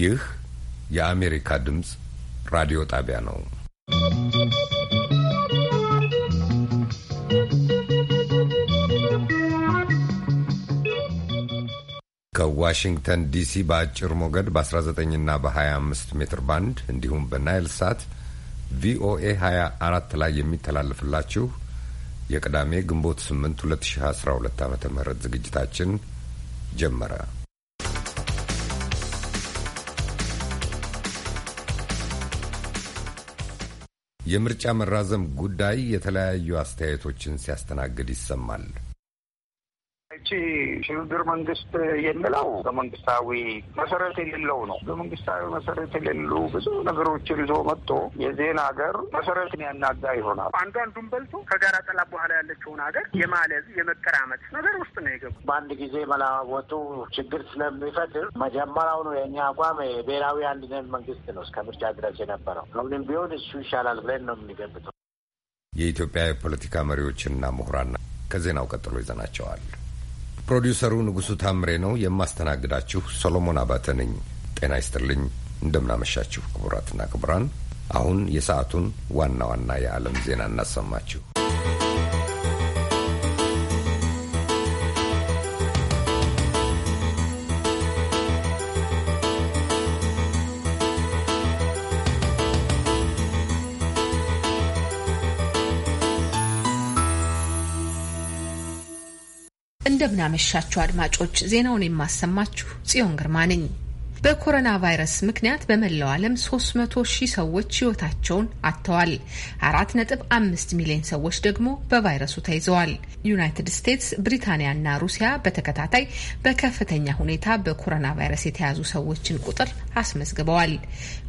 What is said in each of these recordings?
ይህ የአሜሪካ ድምፅ ራዲዮ ጣቢያ ነው። ከዋሽንግተን ዲሲ በአጭር ሞገድ በ19ና በ25 ሜትር ባንድ እንዲሁም በናይል ሳት ቪኦኤ 24 ላይ የሚተላለፍላችሁ የቅዳሜ ግንቦት 8 2012 ዓ ም ዝግጅታችን ጀመረ። የምርጫ መራዘም ጉዳይ የተለያዩ አስተያየቶችን ሲያስተናግድ ይሰማል። ውጭ ሽግግር መንግስት የሚለው በመንግስታዊ መሰረት የሌለው ነው። በመንግስታዊ መሰረት የሌሉ ብዙ ነገሮችን ይዞ መጥቶ የዜና ሀገር መሰረትን ያናጋ ይሆናል። አንዱ አንዱን በልቶ ከጋራ ጠላ በኋላ ያለችውን ሀገር የማለዝ የመቀራመት ነገር ውስጥ ነው የገቡ። በአንድ ጊዜ መለዋወጡ ችግር ስለሚፈጥር መጀመሪያው ነው የእኛ አቋም የብሔራዊ አንድነት መንግስት ነው እስከ ምርጫ ድረስ የነበረው። አሁንም ቢሆን እሱ ይሻላል ብለን ነው የምንገብተው። የኢትዮጵያ የፖለቲካ መሪዎችና ምሁራን ከዜናው ቀጥሎ ይዘናቸዋል። ፕሮዲውሰሩ ንጉሡ ታምሬ ነው የማስተናግዳችሁ። ሰሎሞን አባተ ነኝ። ጤና ይስጥልኝ። እንደምናመሻችሁ ክቡራትና ክቡራን፣ አሁን የሰዓቱን ዋና ዋና የዓለም ዜና እናሰማችሁ። እንደምናመሻችሁ አድማጮች፣ ዜናውን የማሰማችሁ ጽዮን ግርማ ነኝ። በኮሮና ቫይረስ ምክንያት በመላው ዓለም 300 ሺህ ሰዎች ሕይወታቸውን አጥተዋል። 4.5 ሚሊዮን ሰዎች ደግሞ በቫይረሱ ተይዘዋል። ዩናይትድ ስቴትስ፣ ብሪታንያና ሩሲያ በተከታታይ በከፍተኛ ሁኔታ በኮሮና ቫይረስ የተያዙ ሰዎችን ቁጥር አስመዝግበዋል።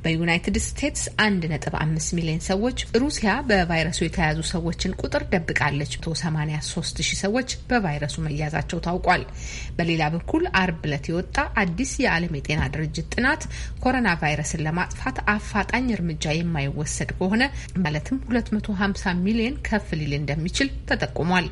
በዩናይትድ ስቴትስ 1.5 ሚሊዮን ሰዎች፣ ሩሲያ በቫይረሱ የተያዙ ሰዎችን ቁጥር ደብቃለች። 83 ሺህ ሰዎች በቫይረሱ መያዛቸው ታውቋል። በሌላ በኩል አርብ ዕለት የወጣ አዲስ የዓለም የጤና ድርጅት ጥናት ኮሮና ቫይረስን ለማጥፋት አፋጣኝ እርምጃ የማይወሰድ ከሆነ ማለትም 250 ሚሊዮን ከፍ ሊል እንደሚችል ተጠቁሟል።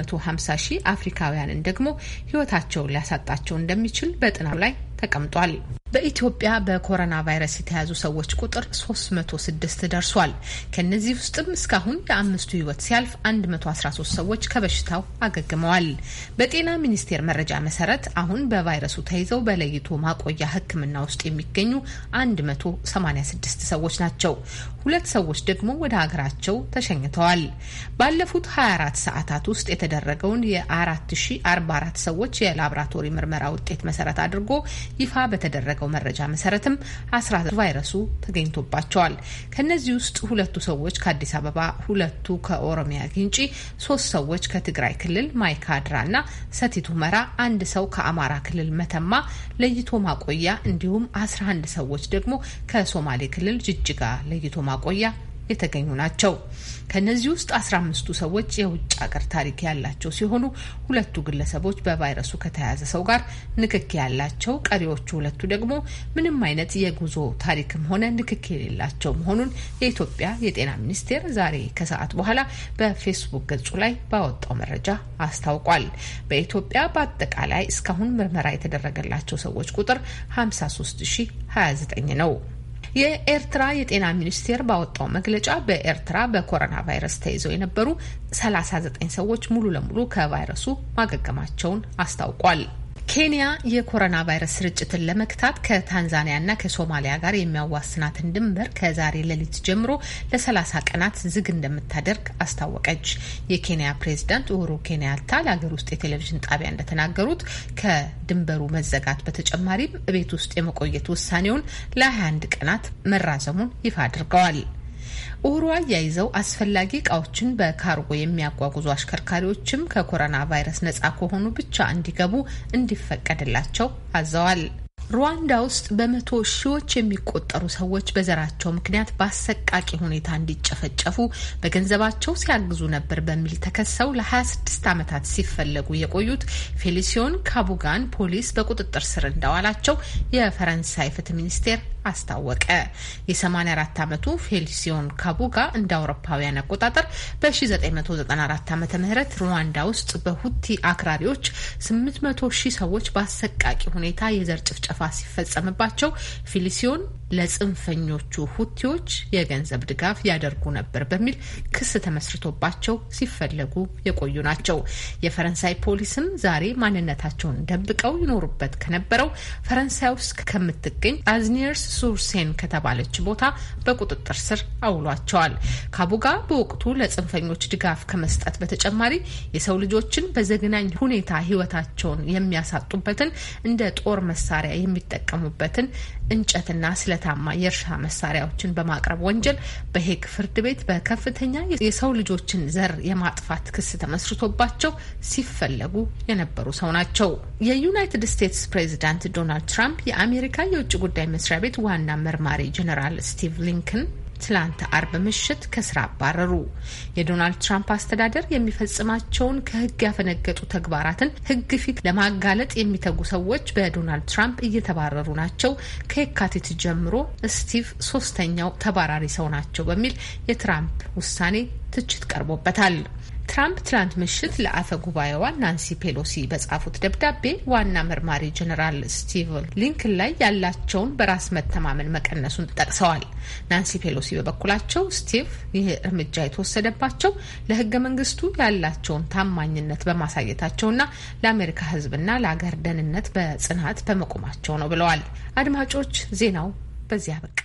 150 ሺህ አፍሪካውያንን ደግሞ ህይወታቸውን ሊያሳጣቸው እንደሚችል በጥናቱ ላይ ተቀምጧል። በኢትዮጵያ በኮሮና ቫይረስ የተያዙ ሰዎች ቁጥር 306 ደርሷል። ከእነዚህ ውስጥም እስካሁን የአምስቱ ህይወት ሲያልፍ 113 ሰዎች ከበሽታው አገግመዋል። በጤና ሚኒስቴር መረጃ መሰረት አሁን በቫይረሱ ተይዘው በለይቶ ማቆያ ሕክምና ውስጥ የሚገኙ 186 ሰዎች ናቸው። ሁለት ሰዎች ደግሞ ወደ ሀገራቸው ተሸኝተዋል። ባለፉት 24 ሰዓታት ውስጥ የተደረገውን የ4044 ሰዎች የላብራቶሪ ምርመራ ውጤት መሰረት አድርጎ ይፋ በተደረገ በተደረገው መረጃ መሰረትም አስራ ቫይረሱ ተገኝቶባቸዋል። ከእነዚህ ውስጥ ሁለቱ ሰዎች ከአዲስ አበባ፣ ሁለቱ ከኦሮሚያ ግንጪ፣ ሶስት ሰዎች ከትግራይ ክልል ማይካድራ እና ሰቲት ሁመራ፣ አንድ ሰው ከአማራ ክልል መተማ ለይቶ ማቆያ እንዲሁም አስራ አንድ ሰዎች ደግሞ ከሶማሌ ክልል ጅጅጋ ለይቶ ማቆያ የተገኙ ናቸው። ከእነዚህ ውስጥ አስራ አምስቱ ሰዎች የውጭ አገር ታሪክ ያላቸው ሲሆኑ ሁለቱ ግለሰቦች በቫይረሱ ከተያዘ ሰው ጋር ንክክ ያላቸው፣ ቀሪዎቹ ሁለቱ ደግሞ ምንም አይነት የጉዞ ታሪክም ሆነ ንክክ የሌላቸው መሆኑን የኢትዮጵያ የጤና ሚኒስቴር ዛሬ ከሰዓት በኋላ በፌስቡክ ገጹ ላይ ባወጣው መረጃ አስታውቋል። በኢትዮጵያ በአጠቃላይ እስካሁን ምርመራ የተደረገላቸው ሰዎች ቁጥር 53029 ነው። የኤርትራ የጤና ሚኒስቴር ባወጣው መግለጫ በኤርትራ በኮሮና ቫይረስ ተይዘው የነበሩ 39 ሰዎች ሙሉ ለሙሉ ከቫይረሱ ማገገማቸውን አስታውቋል። ኬንያ የኮሮና ቫይረስ ስርጭትን ለመግታት ከታንዛኒያና ከሶማሊያ ጋር የሚያዋስናትን ድንበር ከዛሬ ሌሊት ጀምሮ ለ30 ቀናት ዝግ እንደምታደርግ አስታወቀች። የኬንያ ፕሬዝዳንት ኡሁሩ ኬንያታ ለሀገር ውስጥ የቴሌቪዥን ጣቢያ እንደተናገሩት ከድንበሩ መዘጋት በተጨማሪም ቤት ውስጥ የመቆየት ውሳኔውን ለ21 ቀናት መራዘሙን ይፋ አድርገዋል። እሁሩ አያይዘው አስፈላጊ እቃዎችን በካርጎ የሚያጓጉዙ አሽከርካሪዎችም ከኮሮና ቫይረስ ነፃ ከሆኑ ብቻ እንዲገቡ እንዲፈቀድላቸው አዘዋል። ሩዋንዳ ውስጥ በመቶ ሺዎች የሚቆጠሩ ሰዎች በዘራቸው ምክንያት በአሰቃቂ ሁኔታ እንዲጨፈጨፉ በገንዘባቸው ሲያግዙ ነበር በሚል ተከሰው ለ26 ዓመታት ሲፈለጉ የቆዩት ፌሊሲዮን ካቡጋን ፖሊስ በቁጥጥር ስር እንዳዋላቸው የፈረንሳይ ፍትህ ሚኒስቴር አስታወቀ። የ84 ዓመቱ ፌሊሲዮን ካቡጋ እንደ አውሮፓውያን አቆጣጠር በ1994 ዓ ም ሩዋንዳ ውስጥ በሁቲ አክራሪዎች 800 ሺህ ሰዎች በአሰቃቂ ሁኔታ የዘር ጭፍጨፋ ሲፈጸምባቸው ፊሊሲዮን ለጽንፈኞቹ ሁቲዎች የገንዘብ ድጋፍ ያደርጉ ነበር በሚል ክስ ተመስርቶባቸው ሲፈለጉ የቆዩ ናቸው። የፈረንሳይ ፖሊስም ዛሬ ማንነታቸውን ደብቀው ይኖሩበት ከነበረው ፈረንሳይ ውስጥ ከምትገኝ አዝኒርስ ሱርሴን ከተባለች ቦታ በቁጥጥር ስር አውሏቸዋል። ካቡጋ በወቅቱ ለጽንፈኞች ድጋፍ ከመስጠት በተጨማሪ የሰው ልጆችን በዘግናኝ ሁኔታ ህይወታቸውን የሚያሳጡበትን እንደ ጦር መሳሪያ የሚጠቀሙበትን እንጨትና ስለታማ የእርሻ መሳሪያዎችን በማቅረብ ወንጀል በሄግ ፍርድ ቤት በከፍተኛ የሰው ልጆችን ዘር የማጥፋት ክስ ተመስርቶባቸው ሲፈለጉ የነበሩ ሰው ናቸው። የዩናይትድ ስቴትስ ፕሬዚዳንት ዶናልድ ትራምፕ የአሜሪካ የውጭ ጉዳይ መስሪያ ቤት ዋና መርማሪ ጀኔራል ስቲቭ ሊንከን ትላንት አርብ ምሽት ከስራ አባረሩ። የዶናልድ ትራምፕ አስተዳደር የሚፈጽማቸውን ከህግ ያፈነገጡ ተግባራትን ህግ ፊት ለማጋለጥ የሚተጉ ሰዎች በዶናልድ ትራምፕ እየተባረሩ ናቸው። ከየካቲት ጀምሮ ስቲቭ ሶስተኛው ተባራሪ ሰው ናቸው በሚል የትራምፕ ውሳኔ ትችት ቀርቦበታል። ትራምፕ ትናንት ምሽት ለአፈ ጉባኤዋ ናንሲ ፔሎሲ በጻፉት ደብዳቤ ዋና መርማሪ ጀኔራል ስቲቨን ሊንክን ላይ ያላቸውን በራስ መተማመን መቀነሱን ጠቅሰዋል። ናንሲ ፔሎሲ በበኩላቸው ስቲቭ ይህ እርምጃ የተወሰደባቸው ለህገ መንግስቱ ያላቸውን ታማኝነት በማሳየታቸውና ለአሜሪካ ህዝብና ለአገር ደህንነት በጽናት በመቆማቸው ነው ብለዋል። አድማጮች ዜናው በዚያ በቃ።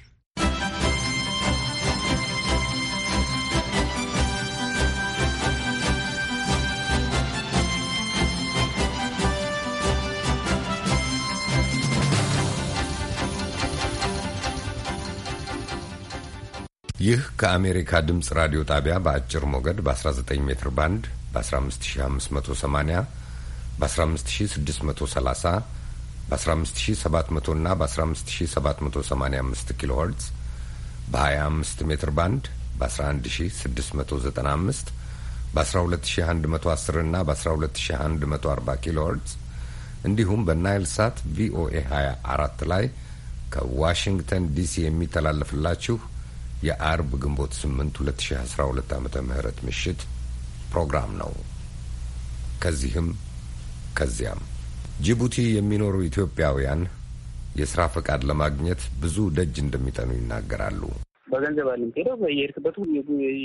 ይህ ከአሜሪካ ድምፅ ራዲዮ ጣቢያ በአጭር ሞገድ በ19 ሜትር ባንድ በ15580 በ15630 በ15700 እና በ15785 ኪሎ በ25 ሜትር ባንድ በ11695 በ12110 እና በ12140 ኪሎ እንዲሁም በናይል ሳት ቪኦኤ 24 ላይ ከዋሽንግተን ዲሲ የሚተላለፍላችሁ የአርብ ግንቦት 8 2012 ዓ ምህረት ምሽት ፕሮግራም ነው። ከዚህም ከዚያም ጅቡቲ የሚኖሩ ኢትዮጵያውያን የስራ ፈቃድ ለማግኘት ብዙ ደጅ እንደሚጠኑ ይናገራሉ። በገንዘብ አለም ሄደው በየሄድክበት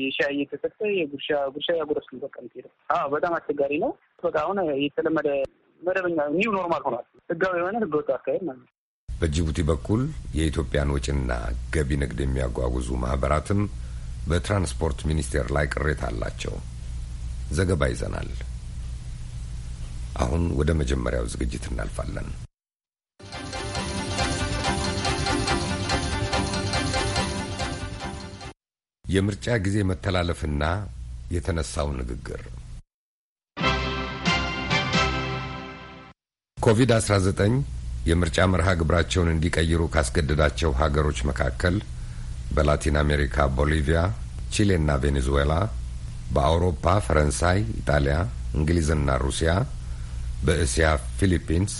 የሻይ እየተሰጠ የጉርሻ ጉርሻ ያጉረስ በቃ ሄደው። አዎ በጣም አስቸጋሪ ነው። በቃ አሁን የተለመደ መደበኛ ኒው ኖርማል ሆኗል። ህጋዊ የሆነ ህገወጥ አካሄድ ማለት ነው። በጅቡቲ በኩል የኢትዮጵያን ወጪና ገቢ ንግድ የሚያጓጉዙ ማኅበራትም በትራንስፖርት ሚኒስቴር ላይ ቅሬታ አላቸው። ዘገባ ይዘናል። አሁን ወደ መጀመሪያው ዝግጅት እናልፋለን። የምርጫ ጊዜ መተላለፍና የተነሳው ንግግር ኮቪድ-19 የምርጫ መርሃ ግብራቸውን እንዲቀይሩ ካስገደዳቸው ሀገሮች መካከል በላቲን አሜሪካ ቦሊቪያ፣ ቺሌና ቬኔዙዌላ፣ በአውሮፓ ፈረንሳይ፣ ኢጣሊያ፣ እንግሊዝና ሩሲያ፣ በእስያ ፊሊፒንስ፣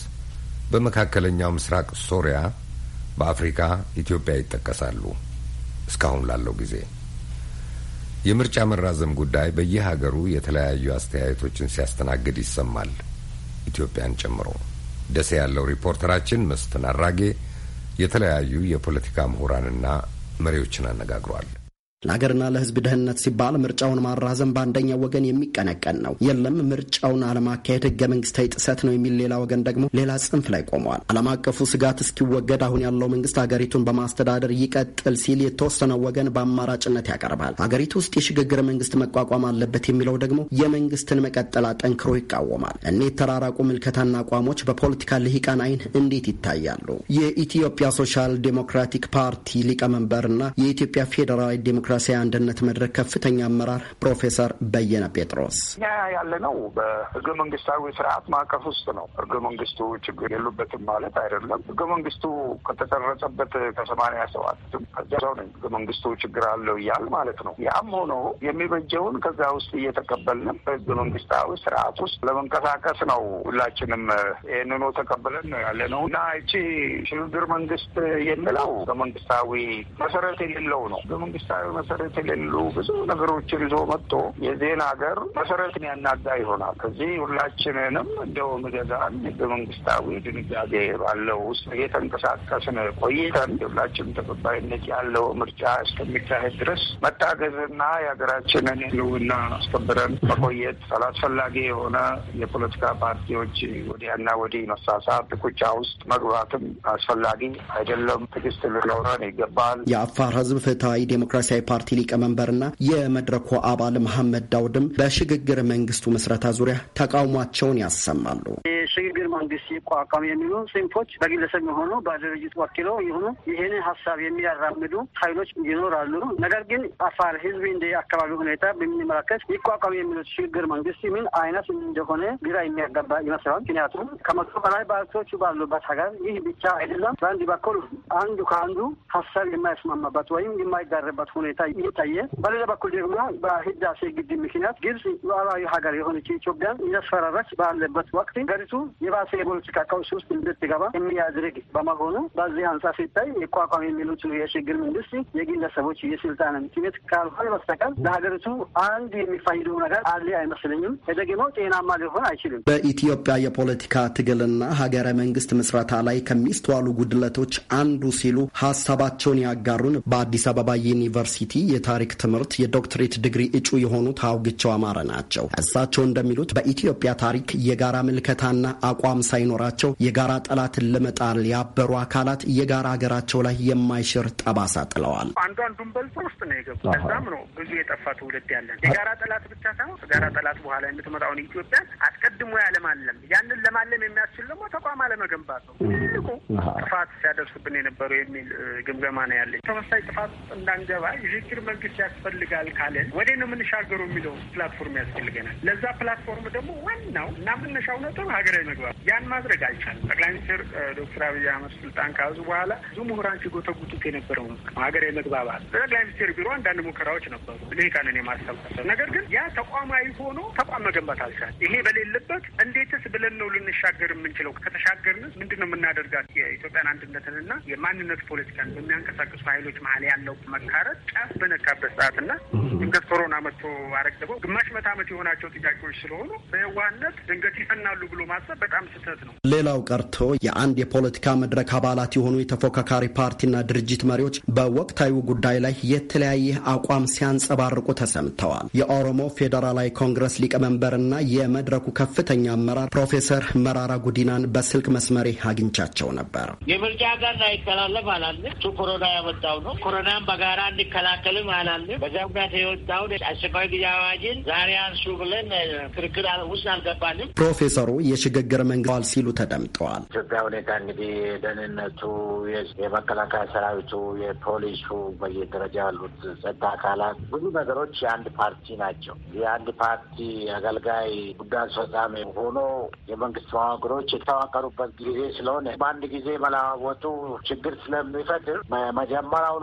በመካከለኛው ምስራቅ ሶሪያ፣ በአፍሪካ ኢትዮጵያ ይጠቀሳሉ። እስካሁን ላለው ጊዜ የምርጫ መራዘም ጉዳይ በየሀገሩ የተለያዩ አስተያየቶችን ሲያስተናግድ ይሰማል ኢትዮጵያን ጨምሮ። ደሴ ያለው ሪፖርተራችን መስፍን አራጌ የተለያዩ የፖለቲካ ምሁራንና መሪዎችን አነጋግሯል። ለሀገርና ለሕዝብ ደህንነት ሲባል ምርጫውን ማራዘም በአንደኛው ወገን የሚቀነቀን ነው። የለም ምርጫውን አለማካሄድ ህገ መንግስታዊ ጥሰት ነው የሚል ሌላ ወገን ደግሞ ሌላ ጽንፍ ላይ ቆመዋል። ዓለም አቀፉ ስጋት እስኪወገድ አሁን ያለው መንግስት ሀገሪቱን በማስተዳደር ይቀጥል ሲል የተወሰነው ወገን በአማራጭነት ያቀርባል። ሀገሪቱ ውስጥ የሽግግር መንግስት መቋቋም አለበት የሚለው ደግሞ የመንግስትን መቀጠል አጠንክሮ ይቃወማል። እኔ የተራራቁ ምልከታና አቋሞች በፖለቲካ ልሂቃን አይን እንዴት ይታያሉ? የኢትዮጵያ ሶሻል ዴሞክራቲክ ፓርቲ ሊቀመንበርና የኢትዮጵያ ፌዴራላዊ ለዲሞክራሲያዊ አንድነት መድረክ ከፍተኛ አመራር ፕሮፌሰር በየነ ጴጥሮስ እኛ ያለነው በህገ መንግስታዊ ስርዓት ማዕቀፍ ውስጥ ነው። ህገ መንግስቱ ችግር የሉበትም ማለት አይደለም። ህገ መንግስቱ ከተቀረጸበት ከሰማንያ ሰባት ከዚያ ሰው ህገ መንግስቱ ችግር አለው እያል ማለት ነው። ያም ሆኖ የሚበጀውን ከዛ ውስጥ እየተቀበልንም በህገ መንግስታዊ ስርዓት ውስጥ ለመንቀሳቀስ ነው። ሁላችንም ይህንኑ ተቀብለን ነው ነው እና እቺ ሽግግር መንግስት የሚለው ህገ መንግስታዊ መሰረት የሌለው ነው። ህገ መንግስታዊ መሰረት የሌሉ ብዙ ነገሮችን ይዞ መጥቶ የዜና ሀገር መሰረትን ያናጋ ይሆናል። ከዚህ ሁላችንንም እንደው ምገዛን ህገ መንግስታዊ ድንጋጌ ባለው ውስጥ እየተንቀሳቀስን ቆይተን የሁላችን ተቀባይነት ያለው ምርጫ እስከሚካሄድ ድረስ መታገዝና የሀገራችንን ህልውና አስከብረን መቆየት አላስፈላጊ የሆነ የፖለቲካ ፓርቲዎች ወዲያና ወዲህ መሳሳት፣ ቁጫ ውስጥ መግባትም አስፈላጊ አይደለም። ትግስት ሊኖረን ይገባል። የአፋር ህዝብ ፍትሀዊ ዴሞክራሲያዊ ፓርቲ ሊቀመንበርና የመድረኩ አባል መሐመድ ዳውድም በሽግግር መንግስቱ ምስረታ ዙሪያ ተቃውሟቸውን ያሰማሉ። ሽግግር መንግስት ይቋቋም የሚሉ ጽንፎች በግለሰብ የሆኑ በድርጅት ወኪሎ የሆኑ ይህንን ሀሳብ የሚያራምዱ ኃይሎች ይኖራሉ። ነገር ግን አፋር ህዝብ እንደ አካባቢ ሁኔታ በሚመለከት ይቋቋም የሚሉት ሽግግር መንግስት ምን አይነት እንደሆነ ግራ የሚያጋባ ይመስላል። ምክንያቱም ከመቶ በላይ ባለቶቹ ባሉበት ሀገር ይህ ብቻ አይደለም። በአንድ በኩል አንዱ ከአንዱ ሀሳብ የማይስማማበት ወይም የማይጋርበት ሁኔታ እየታየ፣ በሌላ በኩል ደግሞ በህዳሴ ግድብ ምክንያት ግብጽ ሉዓላዊ ሀገር የሆነች ኢትዮጵያን እያስፈራራች ባለበት ወቅት ገሪቱ የባሰ የፖለቲካ ቀውስ ውስጥ እንድትገባ የሚያድርግ በመሆኑ በዚህ አንጻር ሲታይ ይቋቋም የሚሉት የሽግግር መንግስት የግለሰቦች የስልጣን ምክንያት ካልሆነ በስተቀር ለሀገሪቱ አንድ የሚፋይደው ነገር አለ አይመስለኝም። ደግሞ ጤናማ ሊሆን አይችልም። በኢትዮጵያ የፖለቲካ ትግልና ሀገረ መንግስት ምስረታ ላይ ከሚስተዋሉ ጉድለቶች አንዱ ሲሉ ሀሳባቸውን ያጋሩን በአዲስ አበባ ዩኒቨርሲቲ የታሪክ ትምህርት የዶክትሬት ዲግሪ እጩ የሆኑት አውግቸው አማረ ናቸው። እሳቸው እንደሚሉት በኢትዮጵያ ታሪክ የጋራ ምልከታና አቋም ሳይኖራቸው የጋራ ጠላትን ለመጣል ያበሩ አካላት የጋራ ሀገራቸው ላይ የማይሽር ጠባሳ ጥለዋል። አንዱ አንዱን በልጦ ውስጥ ነው የገቡ። ከዛም ነው ብዙ የጠፋ ትውልድ ያለን። የጋራ ጠላት ብቻ ሳይሆን ከጋራ ጠላት በኋላ የምትመጣውን ኢትዮጵያን አስቀድሞ ያለማለም ያንን ለማለም የሚያስችል ደግሞ ተቋም አለመገንባት ነው ትልቁ ጥፋት ሲያደርሱብን የነበረው የሚል ግምገማ ነው ያለኝ። ተመሳሳይ ጥፋት ውስጥ እንዳንገባ የሽግግር መንግስት ያስፈልጋል ካለን ወደ ነው የምንሻገሩ የሚለው ፕላትፎርም ያስፈልገናል። ለዛ ፕላትፎርም ደግሞ ዋናው እና መነሻው ነጥብ ሀገር ላይ መግባት ያን ማድረግ አይቻልም። ጠቅላይ ሚኒስትር ዶክተር አብይ አህመድ ስልጣን ከያዙ በኋላ ብዙ ምሁራን ሲጎተጉቱት የነበረው ሀገር የመግባባት ጠቅላይ ሚኒስትር ቢሮ አንዳንድ ሙከራዎች ነበሩ፣ ልሂቃንን የማሰባሰብ ነገር ግን ያ ተቋማዊ ሆኖ ተቋም መገንባት አልቻልም። ይሄ በሌለበት እንዴትስ ብለን ነው ልንሻገር የምንችለው? ከተሻገርንስ ምንድን ነው የምናደርጋት? የኢትዮጵያን አንድነትንና የማንነት ፖለቲካን በሚያንቀሳቅሱ ኃይሎች መሀል ያለው መካረት ጫፍ በነካበት ሰዓትና ድንገት ኮሮና መጥቶ አረግበው ግማሽ መት ዓመት የሆናቸው ጥያቄዎች ስለሆኑ በየዋህነት ድንገት ይፈናሉ ብሎ ማሰብ ማሰብ በጣም ስህተት ነው። ሌላው ቀርቶ የአንድ የፖለቲካ መድረክ አባላት የሆኑ የተፎካካሪ ፓርቲና ድርጅት መሪዎች በወቅታዊ ጉዳይ ላይ የተለያየ አቋም ሲያንጸባርቁ ተሰምተዋል። የኦሮሞ ፌዴራላዊ ኮንግረስ ሊቀመንበርና የመድረኩ ከፍተኛ አመራር ፕሮፌሰር መራራ ጉዲናን በስልክ መስመሬ አግኝቻቸው ነበር። የምርጫ ጋር እንዳይተላለፍ አላለን። እሱ ኮሮና ያመጣው ነው። ኮሮናን በጋራ እንዲከላከልም አላለን። በዛ ጋር የወጣውን አስቸኳይ ጊዜ አዋጅን ዛሬ አንሱ ብለን ክርክር ውስጥ አልገባንም። ፕሮፌሰሩ የሽግ ንግግር መንግስተዋል ሲሉ ተደምጠዋል። ኢትዮጵያ ሁኔታ እንግዲህ የደህንነቱ፣ የመከላከያ ሰራዊቱ፣ የፖሊሱ፣ በየደረጃ ያሉት ጸጥታ አካላት ብዙ ነገሮች የአንድ ፓርቲ ናቸው። የአንድ ፓርቲ አገልጋይ ጉዳይ አስፈጻሚ ሆኖ የመንግስት መዋቅሮች የተዋቀሩበት ጊዜ ስለሆነ በአንድ ጊዜ መለዋወጡ ችግር ስለሚፈጥር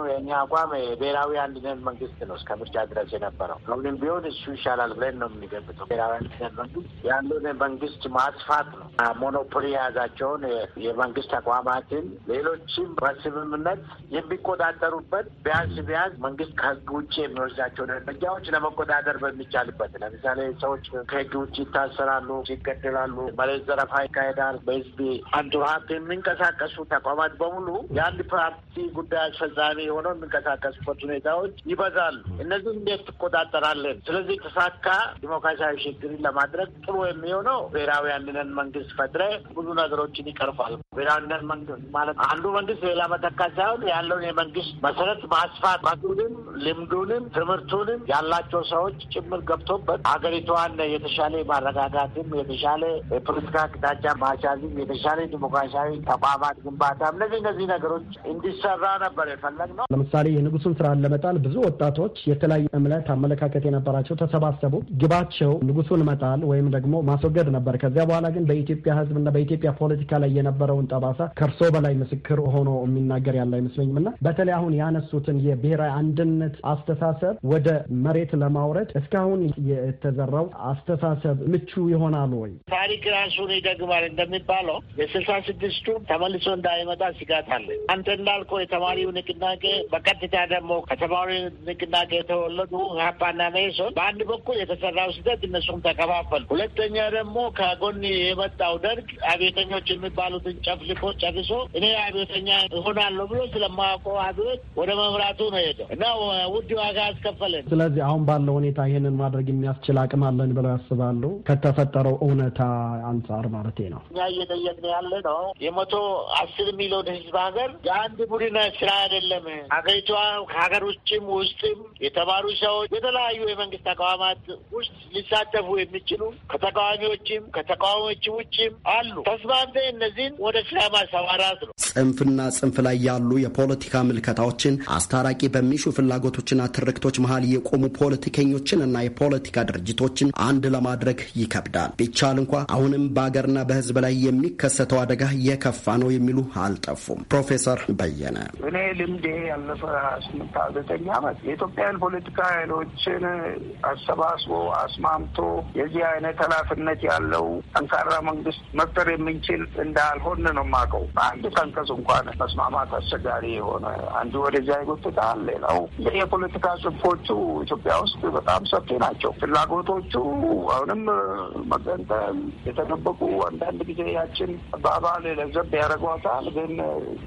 ነው የእኛ አቋም የብሔራዊ አንድነት መንግስት ነው እስከ ምርጫ ድረስ የነበረው። አሁንም ቢሆን እሱ ይሻላል ብለን ነው የሚገብተው። ብሔራዊ አንድነት መንግስት ያለውን መንግስት ማስፋት መዝጋት ነው። ሞኖፖሊ የያዛቸውን የመንግስት ተቋማትን ሌሎችም በስምምነት የሚቆጣጠሩበት ቢያንስ ቢያንስ መንግስት ከህግ ውጭ የሚወስዳቸውን እርምጃዎች ለመቆጣጠር በሚቻልበት ለምሳሌ ሰዎች ከህግ ውጭ ይታሰራሉ፣ ይገደላሉ፣ መሬት ዘረፋ ይካሄዳል። በህዝብ አንዱ ሀብት የሚንቀሳቀሱ ተቋማት በሙሉ የአንድ ፓርቲ ጉዳይ አስፈጻሚ የሆነው የሚንቀሳቀሱበት ሁኔታዎች ይበዛሉ። እነዚህ እንዴት ትቆጣጠራለን? ስለዚህ ተሳካ ዲሞክራሲያዊ ሽግግርን ለማድረግ ጥሩ የሚሆነው ብሔራዊ አንድነት መንግስት ፈጥረ ብዙ ነገሮችን ይቀርፋል። ብሔራዊነት መንግስት ማለት አንዱ መንግስት ሌላ መተካት ሳይሆን ያለውን የመንግስት መሰረት ማስፋት ባቱንም፣ ልምዱንም፣ ትምህርቱንም ያላቸው ሰዎች ጭምር ገብቶበት ሀገሪቷን የተሻለ ማረጋጋትም የተሻለ የፖለቲካ አቅጣጫ ማሻዝም የተሻለ ዲሞክራሲያዊ ተቋማት ግንባታ እነዚህ እነዚህ ነገሮች እንዲሰራ ነበር የፈለግነው። ለምሳሌ የንጉሱን ስራ ለመጣል ብዙ ወጣቶች የተለያዩ እምነት፣ አመለካከት የነበራቸው ተሰባሰቡ። ግባቸው ንጉሱን መጣል ወይም ደግሞ ማስወገድ ነበር። ከዚያ በኋላ ግን በኢትዮጵያ ህዝብና በኢትዮጵያ ፖለቲካ ላይ የነበረውን ጠባሳ ከእርሶ በላይ ምስክር ሆኖ የሚናገር ያለ አይመስለኝም። እና በተለይ አሁን ያነሱትን የብሔራዊ አንድነት አስተሳሰብ ወደ መሬት ለማውረድ እስካሁን የተዘራው አስተሳሰብ ምቹ ይሆናል ወይ? ታሪክ ራሱን ይደግማል እንደሚባለው የስልሳ ስድስቱ ተመልሶ እንዳይመጣ ስጋት አለ። አንተ እንዳልከው የተማሪው ንቅናቄ በቀጥታ ደግሞ ከተማሪ ንቅናቄ የተወለዱ ሀፓና መኢሶን በአንድ በኩል የተሰራው ስህተት እነሱም ተከፋፈሉ። ሁለተኛ ደግሞ ከጎን የመጣው ደርግ አቤተኞች የሚባሉትን ጨፍልቆ ጨርሶ እኔ አቤተኛ እሆናለሁ ብሎ ስለማያውቀው አብዮት ወደ መምራቱ ነው ሄደው እና ውድ ዋጋ አስከፈለን። ስለዚህ አሁን ባለው ሁኔታ ይህንን ማድረግ የሚያስችል አቅም አለን ብለው ያስባሉ? ከተፈጠረው እውነታ አንጻር ማለት ነው። እኛ እየጠየቅን ያለ ነው የመቶ አስር ሚሊዮን ህዝብ ሀገር የአንድ ቡድን ስራ አይደለም። ሀገሪቷ ከሀገር ውጭም ውስጥም የተማሩ ሰዎች የተለያዩ የመንግስት ተቋማት ውስጥ ሊሳተፉ የሚችሉ ከተቃዋሚዎችም ከተቃዋሚዎች ከዚች ውጭም አሉ። ተስማምተ እነዚህን ወደ ስራ ማሰማራት ነው። ጽንፍና ጽንፍ ላይ ያሉ የፖለቲካ ምልከታዎችን አስታራቂ በሚሹ ፍላጎቶችና ትርክቶች መሀል የቆሙ ፖለቲከኞችን እና የፖለቲካ ድርጅቶችን አንድ ለማድረግ ይከብዳል። ቢቻል እንኳ አሁንም በሀገርና በህዝብ ላይ የሚከሰተው አደጋ የከፋ ነው የሚሉ አልጠፉም። ፕሮፌሰር በየነ እኔ ልምዴ ያለፈ ስምንት ዘጠኝ ዓመት የኢትዮጵያን ፖለቲካ ኃይሎችን አሰባስቦ አስማምቶ የዚህ አይነት ኃላፊነት ያለው ጠንካራ መንግስት መፍጠር የምንችል እንዳልሆን ነው የማውቀው። በአንድ ጠንቀጽ እንኳን መስማማት አስቸጋሪ የሆነ አንዱ ወደዚያ ይጎትታል፣ ሌላው የፖለቲካ ጽንፎቹ ኢትዮጵያ ውስጥ በጣም ሰፊ ናቸው። ፍላጎቶቹ አሁንም መገንጠል የተደበቁ አንዳንድ ጊዜ ያችን በአባል ለዘብ ያደረጓታል፣ ግን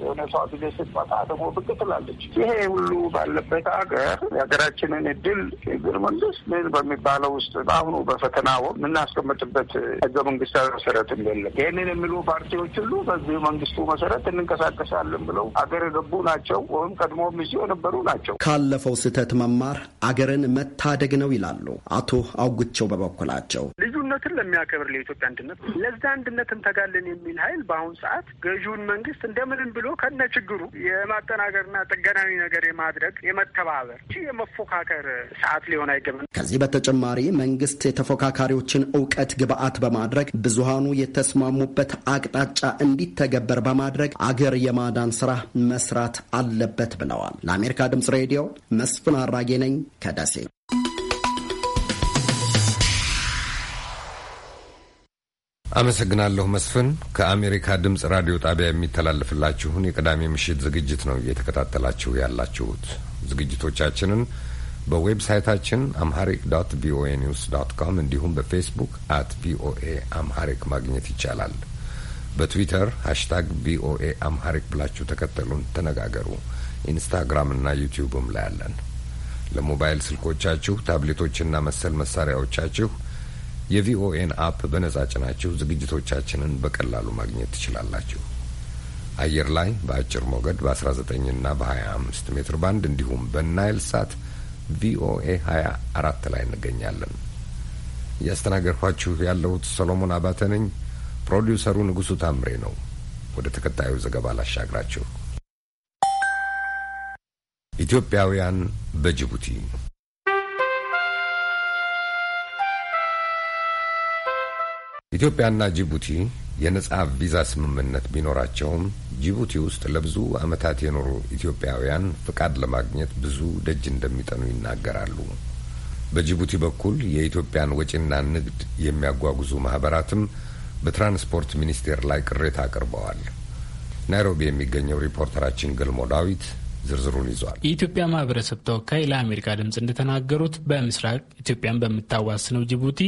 እውነቷ ጊዜ ስትመጣ ደግሞ ብቅ ትላለች። ይሄ ሁሉ ባለበት ሀገር የሀገራችንን እድል ችግር መንግስት ምን በሚባለው ውስጥ በአሁኑ በፈተና ወቅት የምናስቀምጥበት ህገ መንግስታዊ መሰረት የለም። ይህንን የሚሉ ፓርቲዎች ሁሉ በዚህ መንግስቱ መሰረት እንንቀሳቀሳለን ብለው አገር የገቡ ናቸው ወይም ቀድሞም እዚሁ የነበሩ ናቸው። ካለፈው ስህተት መማር አገርን መታደግ ነው ይላሉ አቶ አውግቸው በበኩላቸው ልዩነትን ለሚያከብር ለኢትዮጵያ አንድነት ለዛ አንድነት እንተጋለን የሚል ኃይል በአሁን ሰዓት ገዢውን መንግስት እንደምንም ብሎ ከነ ችግሩ የማጠናገርና ጥገናዊ ነገር የማድረግ የመተባበር የመፎካከር ሰዓት ሊሆን አይገባም። ከዚህ በተጨማሪ መንግስት የተፎካካሪዎችን እውቀት ግብአት በማድረግ ብዙ ብዙሃኑ የተስማሙበት አቅጣጫ እንዲተገበር በማድረግ አገር የማዳን ስራ መስራት አለበት ብለዋል። ለአሜሪካ ድምጽ ሬዲዮ መስፍን አራጌ ነኝ ከደሴ። አመሰግናለሁ መስፍን። ከአሜሪካ ድምፅ ራዲዮ ጣቢያ የሚተላለፍላችሁን የቅዳሜ ምሽት ዝግጅት ነው እየተከታተላችሁ ያላችሁት። ዝግጅቶቻችንን በዌብሳይታችን አምሃሪክ ዶት ቪኦኤ ኒውስ ዶት ኮም እንዲሁም በፌስቡክ አት ቪኦኤ አምሃሪክ ማግኘት ይቻላል። በትዊተር ሃሽታግ ቪኦኤ አምሃሪክ ብላችሁ ተከተሉን፣ ተነጋገሩ። ኢንስታግራም እና ዩቲዩብም ላይ አለን። ለሞባይል ስልኮቻችሁ ታብሌቶችና መሰል መሳሪያዎቻችሁ የቪኦኤን አፕ በነጻ ጭናችሁ ዝግጅቶቻችንን በቀላሉ ማግኘት ትችላላችሁ። አየር ላይ በአጭር ሞገድ በ19 እና በ25 ሜትር ባንድ እንዲሁም በናይል ሳት ቪኦኤ 24 ላይ እንገኛለን። እያስተናገርኳችሁ ያለሁት ሰሎሞን አባተ ነኝ። ፕሮዲውሰሩ ንጉሡ ታምሬ ነው። ወደ ተከታዩ ዘገባ ላሻግራችሁ። ኢትዮጵያውያን በጅቡቲ ኢትዮጵያና ጅቡቲ የነጻ ቪዛ ስምምነት ቢኖራቸውም ጅቡቲ ውስጥ ለብዙ ዓመታት የኖሩ ኢትዮጵያውያን ፍቃድ ለማግኘት ብዙ ደጅ እንደሚጠኑ ይናገራሉ። በጅቡቲ በኩል የኢትዮጵያን ወጪና ንግድ የሚያጓጉዙ ማህበራትም በትራንስፖርት ሚኒስቴር ላይ ቅሬታ አቅርበዋል። ናይሮቢ የሚገኘው ሪፖርተራችን ገልሞ ዳዊት ዝርዝሩን ይዟል። የኢትዮጵያ ማህበረሰብ ተወካይ ለአሜሪካ ድምፅ እንደተናገሩት በምስራቅ ኢትዮጵያን በምታዋስነው ጅቡቲ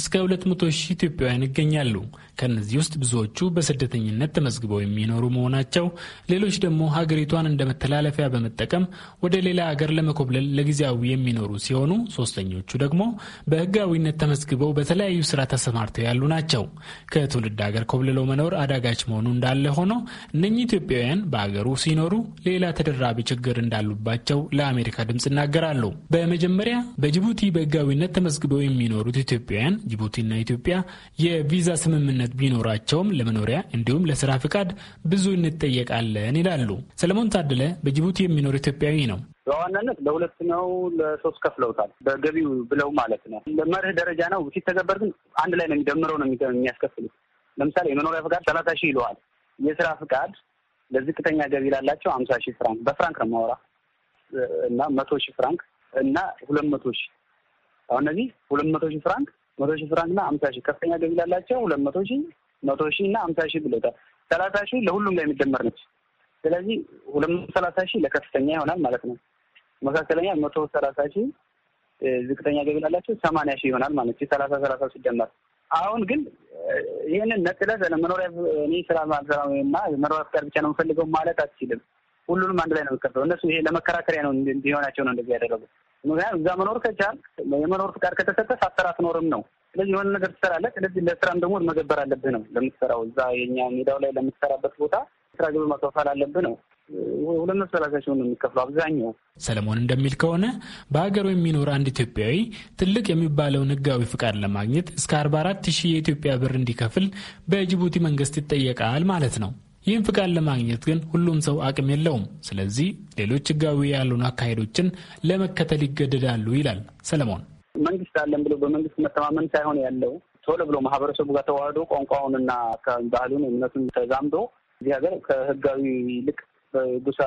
እስከ 200 ሺህ ኢትዮጵያውያን ይገኛሉ። ከእነዚህ ውስጥ ብዙዎቹ በስደተኝነት ተመዝግበው የሚኖሩ መሆናቸው፣ ሌሎች ደግሞ ሀገሪቷን እንደ መተላለፊያ በመጠቀም ወደ ሌላ ሀገር ለመኮብለል ለጊዜያዊ የሚኖሩ ሲሆኑ፣ ሶስተኞቹ ደግሞ በህጋዊነት ተመዝግበው በተለያዩ ስራ ተሰማርተው ያሉ ናቸው። ከትውልድ ሀገር ኮብልለው መኖር አዳጋች መሆኑ እንዳለ ሆኖ እነኚህ ኢትዮጵያውያን በአገሩ ሲኖሩ ሌላ ተደራቢ ችግር እንዳሉባቸው ለአሜሪካ ድምፅ ይናገራሉ። በመጀመሪያ በጅቡቲ በህጋዊነት ተመዝግበው የሚኖሩት ኢትዮጵያውያን ጅቡቲና ኢትዮጵያ የቪዛ ስምምነት ተጠያቂነት ቢኖራቸውም ለመኖሪያ እንዲሁም ለስራ ፍቃድ ብዙ እንጠየቃለን ይላሉ። ሰለሞን ታደለ በጅቡቲ የሚኖር ኢትዮጵያዊ ነው። በዋናነት ለሁለት ነው ለሶስት ከፍለውታል። በገቢው ብለው ማለት ነው። ለመርህ ደረጃ ነው ሲተገበር ግን አንድ ላይ ነው የሚደምረው ነው የሚያስከፍሉት። ለምሳሌ የመኖሪያ ፍቃድ ሰላሳ ሺህ ይለዋል። የስራ ፍቃድ ለዝቅተኛ ገቢ ላላቸው አምሳ ሺህ ፍራንክ በፍራንክ ነው ማወራ እና መቶ ሺህ ፍራንክ እና ሁለት መቶ ሺህ አሁን እነዚህ ሁለት መቶ ሺህ ፍራንክ መቶ ሺህ ፍራንክ እና አምሳ ሺህ ከፍተኛ ገቢ ላላቸው ሁለት መቶ ሺህ መቶ ሺህ እና አምሳ ሺህ ብለውታል። ሰላሳ ሺህ ለሁሉም ላይ የሚደመር ነች። ስለዚህ ሁለት መቶ ሰላሳ ሺህ ለከፍተኛ ይሆናል ማለት ነው። መካከለኛ መቶ ሰላሳ ሺህ ዝቅተኛ ገቢ ላላቸው ሰማንያ ሺህ ይሆናል ማለት ነው። ሰላሳ ሰላሳ ሲደመር አሁን ግን ይህንን ነጥለህ መኖሪያ እኔ ስራ ማልሰራ እና መኖሪያ ፍቃድ ብቻ ነው የምፈልገው ማለት አትችልም። ሁሉንም አንድ ላይ ነው የሚከተው። እነሱ ይሄ ለመከራከሪያ ነው እንዲሆናቸው ነው እንደዚህ ያደረጉት። ምክንያቱም እዛ መኖር ከቻል የመኖር ፍቃድ ከተሰጠ ሳትሰራ አትኖርም ነው። ስለዚህ የሆነ ነገር ትሰራለህ። ስለዚህ ለስራም ደግሞ መገበር አለብህ ነው ለምትሰራው እዛ የኛ ሜዳው ላይ ለምትሰራበት ቦታ ስራ ግብር መከፈል አለብህ ነው። ሁለት መቶ ሰላሳ ሺህ ነው የሚከፍሉ አብዛኛው። ሰለሞን እንደሚል ከሆነ በሀገሩ የሚኖር አንድ ኢትዮጵያዊ ትልቅ የሚባለውን ሕጋዊ ፍቃድ ለማግኘት እስከ አርባ አራት ሺህ የኢትዮጵያ ብር እንዲከፍል በጅቡቲ መንግስት ይጠየቃል ማለት ነው። ይህን ፍቃድ ለማግኘት ግን ሁሉም ሰው አቅም የለውም። ስለዚህ ሌሎች ህጋዊ ያሉን አካሄዶችን ለመከተል ይገደዳሉ ይላል ሰለሞን። መንግስት አለን ብሎ በመንግስት መተማመን ሳይሆን ያለው ቶሎ ብሎ ማህበረሰቡ ጋር ተዋህዶ ቋንቋውንና ባህሉን እምነቱን ተዛምዶ እዚህ ሀገር ከህጋዊ ይልቅ ጉሳ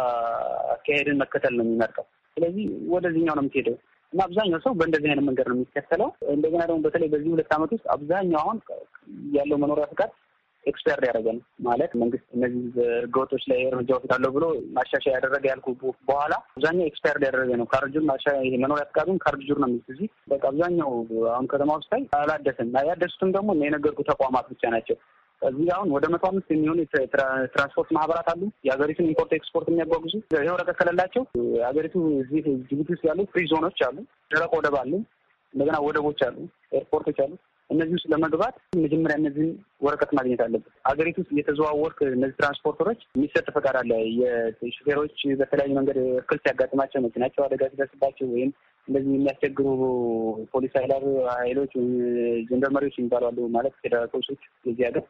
አካሄድን መከተል ነው የሚመርጠው። ስለዚህ ወደዚህኛው ነው የምትሄደው እና አብዛኛው ሰው በእንደዚህ አይነት መንገድ ነው የሚከተለው። እንደገና ደግሞ በተለይ በዚህ ሁለት ዓመት ውስጥ አብዛኛው አሁን ያለው መኖሪያ ፍቃድ ኤክስፐርድ ያደረገን ማለት መንግስት እነዚህ ህገወጦች ላይ እርምጃ ወስዳለሁ ብሎ ማሻሻያ ያደረገ ያልኩ በኋላ አብዛኛው ኤክስፐርድ ያደረገ ነው። ካርጁር ማሻሻያ ይሄ መኖሪያ ፍቃዱን ካርጁር ነው የሚሉት እዚህ በቃ አብዛኛው አሁን ከተማ ውስጥ ላይ አላደስም። ያደሱትም ደግሞ የነገርኩ ተቋማት ብቻ ናቸው። እዚህ አሁን ወደ መቶ አምስት የሚሆኑ ትራንስፖርት ማህበራት አሉ። የሀገሪቱን ኢምፖርት ኤክስፖርት የሚያጓጉዙ ይህ ወረቀት ከሌላቸው ሀገሪቱ እዚህ ጅቡቲ ውስጥ ያሉ ፍሪ ዞኖች አሉ። ደረቅ ወደብ አሉ። እንደገና ወደቦች አሉ፣ ኤርፖርቶች አሉ። እነዚህ ውስጥ ለመግባት መጀመሪያ እነዚህን ወረቀት ማግኘት አለበት። ሀገሪቱ ውስጥ የተዘዋወርክ እነዚህ ትራንስፖርተሮች የሚሰጥ ፈቃድ አለ። የሹፌሮች በተለያዩ መንገድ እክል ሲያጋጥማቸው፣ መኪናቸው አደጋ ሲደርስባቸው ወይም እንደዚህ የሚያስቸግሩ ፖሊስ ኃይላር ኃይሎች ወይም ጀንደርመሪዎች የሚባሉ አሉ። ማለት ፌደራል ፖሊሶች የዚህ ሀገር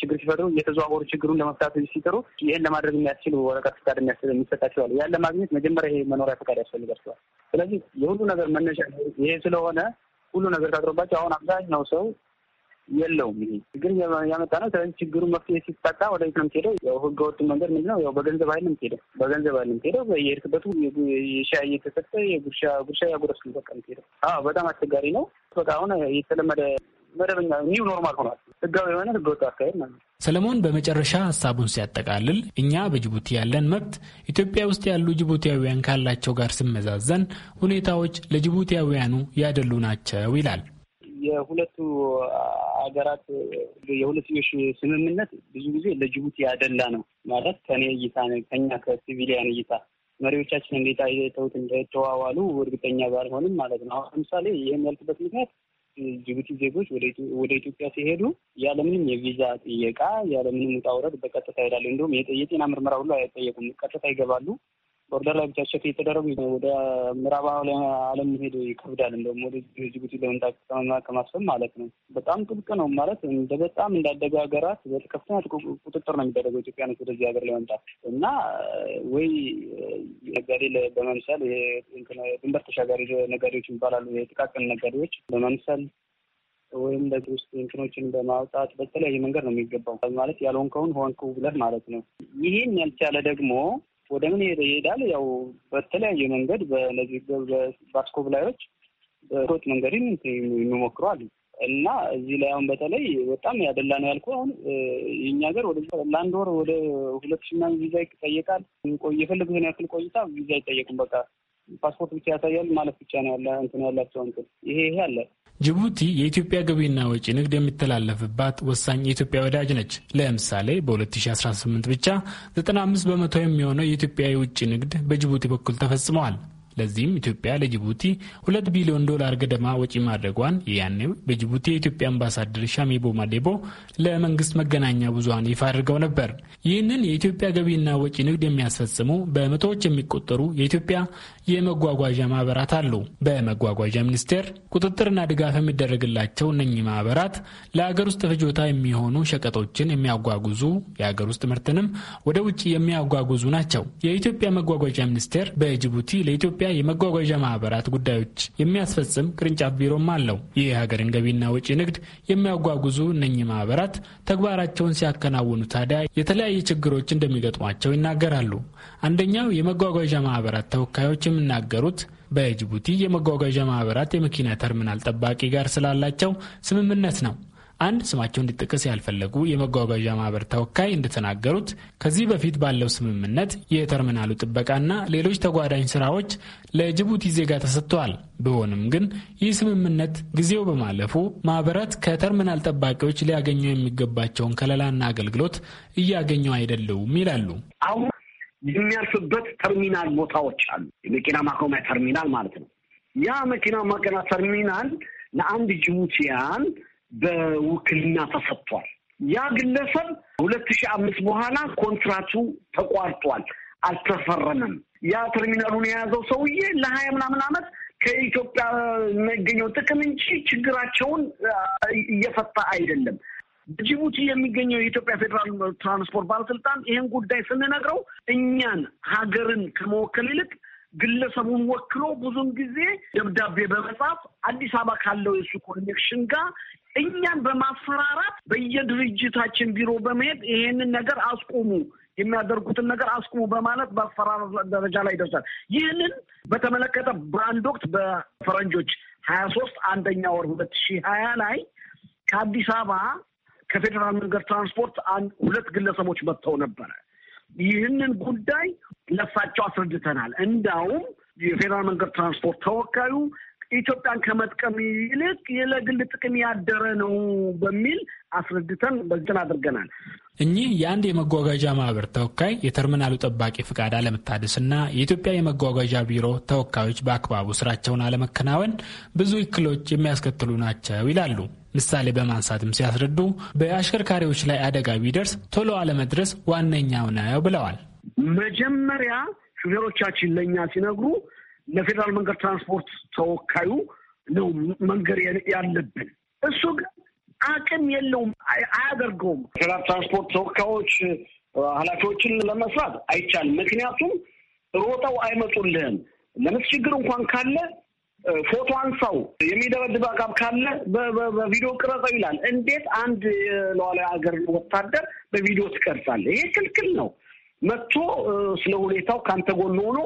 ችግር ሲፈጥሩ እየተዘዋወሩ ችግሩን ለመፍታት ሲጥሩ ይህን ለማድረግ የሚያስችል ወረቀት ፍቃድ የሚሰጣቸው አሉ። ያን ለማግኘት መጀመሪያ ይሄ መኖሪያ ፈቃድ ያስፈልጋቸዋል። ስለዚህ የሁሉ ነገር መነሻ ይሄ ስለሆነ ሁሉ ነገር ታጥሮባቸው አሁን አብዛኛው ሰው የለውም። ይሄ ችግር ያመጣ ነው። ስለዚህ ችግሩ መፍትሄ ሲታጣ ወደ ነው የምትሄደው። ያው ህገ ወጡ መንገድ ምንድን ነው? ያው በገንዘብ ኃይል ነው የምትሄደው። በገንዘብ ኃይል ነው የምትሄደው። በየሄድክበት ሻይ እየተሰጠ የጉርሻ ጉርሻ ያጉረስ በቃ የምትሄደው። አዎ በጣም አስቸጋሪ ነው። በቃ አሁን የተለመደ መደበኛ ኒው ኖርማል ሆኗል። ህጋዊ የሆነ ህገ ወጡ አካሄድ ማለት ነው። ሰለሞን በመጨረሻ ሀሳቡን ሲያጠቃልል እኛ በጅቡቲ ያለን መብት ኢትዮጵያ ውስጥ ያሉ ጅቡቲያውያን ካላቸው ጋር ሲመዛዘን ሁኔታዎች ለጅቡቲያውያኑ ያደሉ ናቸው ይላል። የሁለቱ ሀገራት የሁለትዮሽ ስምምነት ብዙ ጊዜ ለጅቡቲ ያደላ ነው ማለት ከኔ እይታ ከኛ ከሲቪሊያን እይታ መሪዎቻችን እንዴት አይተውት እንደተዋዋሉ እርግጠኛ ባልሆንም ማለት ነው። አሁን ለምሳሌ ይህን ያልኩበት ምክንያት ጅቡቲ ዜጎች ወደ ኢትዮጵያ ሲሄዱ ያለምንም የቪዛ ጥየቃ ያለምንም ውጣ ውረድ በቀጥታ ይሄዳሉ። እንዲሁም የጤና ምርመራ ሁሉ አይጠየቁም። ቀጥታ ይገባሉ። ቦርደር ላይ ብቻ ቸክ እየተደረጉ ነው። ወደ ምዕራብ ዓለም መሄድ ይከብዳል። እንደውም ወደ ጅቡቲ ለመምጣት ከመና ከማሰብ ማለት ነው። በጣም ጥብቅ ነው ማለት እንደ በጣም እንዳደገ ሀገራት በከፍተኛ ቁጥጥር ነው የሚደረገው ኢትዮጵያ ነች ወደዚህ ሀገር ለመምጣት እና ወይ ነጋዴ በመምሰል ድንበር ተሻጋሪ ነጋዴዎች ይባላሉ፣ የጥቃቅን ነጋዴዎች በመምሰል ወይም ለዚህ ውስጥ እንትኖችን በማውጣት በተለያየ መንገድ ነው የሚገባው ማለት ያልሆንከውን ሆንክ ብለህ ማለት ነው። ይህን ያልቻለ ደግሞ ወደ ምን ይሄዳል? ያው በተለያየ መንገድ በነዚህ ባስኮብላዮች በሮጥ መንገድን የሚሞክረዋል እና እዚህ ላይ አሁን በተለይ በጣም ያደላ ነው ያልኩ። አሁን የኛ ሀገር ወደ ለአንድ ወር ወደ ሁለት ሺህ ምናምን ቪዛ ይጠየቃል። የፈለጉትን ያክል ቆይታ ቪዛ አይጠየቁም። በቃ ፓስፖርት ብቻ ያሳያል ማለት ብቻ ነው ያለ እንትን ያላቸው እንትን ይሄ ይሄ አለ ጅቡቲ የኢትዮጵያ ገቢና ወጪ ንግድ የሚተላለፍባት ወሳኝ የኢትዮጵያ ወዳጅ ነች። ለምሳሌ በ2018 ብቻ 95 በመቶ የሚሆነው የኢትዮጵያ የውጭ ንግድ በጅቡቲ በኩል ተፈጽመዋል። ለዚህም ኢትዮጵያ ለጅቡቲ ሁለት ቢሊዮን ዶላር ገደማ ወጪ ማድረጓን ያኔው በጅቡቲ የኢትዮጵያ አምባሳደር ሻሚቦ ማዴቦ ለመንግስት መገናኛ ብዙሀን ይፋ አድርገው ነበር። ይህንን የኢትዮጵያ ገቢና ወጪ ንግድ የሚያስፈጽሙ በመቶዎች የሚቆጠሩ የኢትዮጵያ የመጓጓዣ ማህበራት አሉ። በመጓጓዣ ሚኒስቴር ቁጥጥርና ድጋፍ የሚደረግላቸው እነኚህ ማህበራት ለአገር ውስጥ ፍጆታ የሚሆኑ ሸቀጦችን የሚያጓጉዙ የአገር ውስጥ ምርትንም ወደ ውጭ የሚያጓጉዙ ናቸው። የኢትዮጵያ መጓጓዣ ሚኒስቴር በጅቡቲ ለኢትዮጵያ የመጓጓዣ ማህበራት ጉዳዮች የሚያስፈጽም ቅርንጫፍ ቢሮም አለው። የሀገርን ገቢና ወጪ ንግድ የሚያጓጉዙ እነኚህ ማህበራት ተግባራቸውን ሲያከናውኑ ታዲያ የተለያዩ ችግሮች እንደሚገጥሟቸው ይናገራሉ። አንደኛው የመጓጓዣ ማህበራት ተወካዮች የሚናገሩት በጅቡቲ የመጓጓዣ ማህበራት የመኪና ተርሚናል ጠባቂ ጋር ስላላቸው ስምምነት ነው። አንድ ስማቸው እንዲጠቀስ ያልፈለጉ የመጓጓዣ ማህበር ተወካይ እንደተናገሩት ከዚህ በፊት ባለው ስምምነት የተርሚናሉ ጥበቃና ሌሎች ተጓዳኝ ስራዎች ለጅቡቲ ዜጋ ተሰጥተዋል። ቢሆንም ግን ይህ ስምምነት ጊዜው በማለፉ ማህበራት ከተርሚናል ጠባቂዎች ሊያገኙ የሚገባቸውን ከለላና አገልግሎት እያገኙ አይደለውም ይላሉ። አሁን የሚያርፍበት ተርሚናል ቦታዎች አሉ። የመኪና ማቆሚያ ተርሚናል ማለት ነው። ያ መኪና ማቆሚያ ተርሚናል ለአንድ ጅቡቲያን በውክልና ተሰጥቷል። ያ ግለሰብ ሁለት ሺህ አምስት በኋላ ኮንትራቱ ተቋርጧል፣ አልተፈረመም። ያ ተርሚናሉን የያዘው ሰውዬ ለሀያ ምናምን ዓመት ከኢትዮጵያ የሚገኘው ጥቅም እንጂ ችግራቸውን እየፈታ አይደለም። በጅቡቲ የሚገኘው የኢትዮጵያ ፌዴራል ትራንስፖርት ባለስልጣን ይህን ጉዳይ ስንነግረው እኛን ሀገርን ከመወከል ይልቅ ግለሰቡን ወክሎ ብዙን ጊዜ ደብዳቤ በመጻፍ አዲስ አበባ ካለው የሱ ኮኔክሽን ጋር እኛን በማፈራራት በየድርጅታችን ቢሮ በመሄድ ይሄንን ነገር አስቆሙ የሚያደርጉትን ነገር አስቁሙ በማለት በአስፈራራት ደረጃ ላይ ይደርሳል። ይህንን በተመለከተ በአንድ ወቅት በፈረንጆች ሀያ ሶስት አንደኛ ወር ሁለት ሺህ ሀያ ላይ ከአዲስ አበባ ከፌዴራል መንገድ ትራንስፖርት ሁለት ግለሰቦች መጥተው ነበረ። ይህንን ጉዳይ ለሳቸው አስረድተናል። እንዳውም የፌዴራል መንገድ ትራንስፖርት ተወካዩ ኢትዮጵያን ከመጥቀም ይልቅ ለግል ጥቅም ያደረ ነው በሚል አስረድተን በዝን አድርገናል። እኚህ የአንድ የመጓጓዣ ማህበር ተወካይ የተርሚናሉ ጠባቂ ፍቃድ አለመታደስና የኢትዮጵያ የመጓጓዣ ቢሮ ተወካዮች በአግባቡ ስራቸውን አለመከናወን ብዙ እክሎች የሚያስከትሉ ናቸው ይላሉ። ምሳሌ በማንሳትም ሲያስረዱ በአሽከርካሪዎች ላይ አደጋ ቢደርስ ቶሎ አለመድረስ ዋነኛው ነው ብለዋል። መጀመሪያ ሹፌሮቻችን ለእኛ ሲነግሩ ለፌዴራል መንገድ ትራንስፖርት ተወካዩ ነው መንገድ ያለብን። እሱ ግን አቅም የለውም፣ አያደርገውም። ፌዴራል ትራንስፖርት ተወካዮች ኃላፊዎችን ለመስራት አይቻልም። ምክንያቱም ሮጠው አይመጡልህም። ለምስ ችግር እንኳን ካለ ፎቶ አንሳው የሚደበድብ አቃብ ካለ በቪዲዮ ቅረጸው ይላል። እንዴት አንድ የሉዓላዊ ሀገር ወታደር በቪዲዮ ትቀርጻለህ? ይሄ ክልክል ነው። መጥቶ ስለ ሁኔታው ካንተ ጎን ሆኖ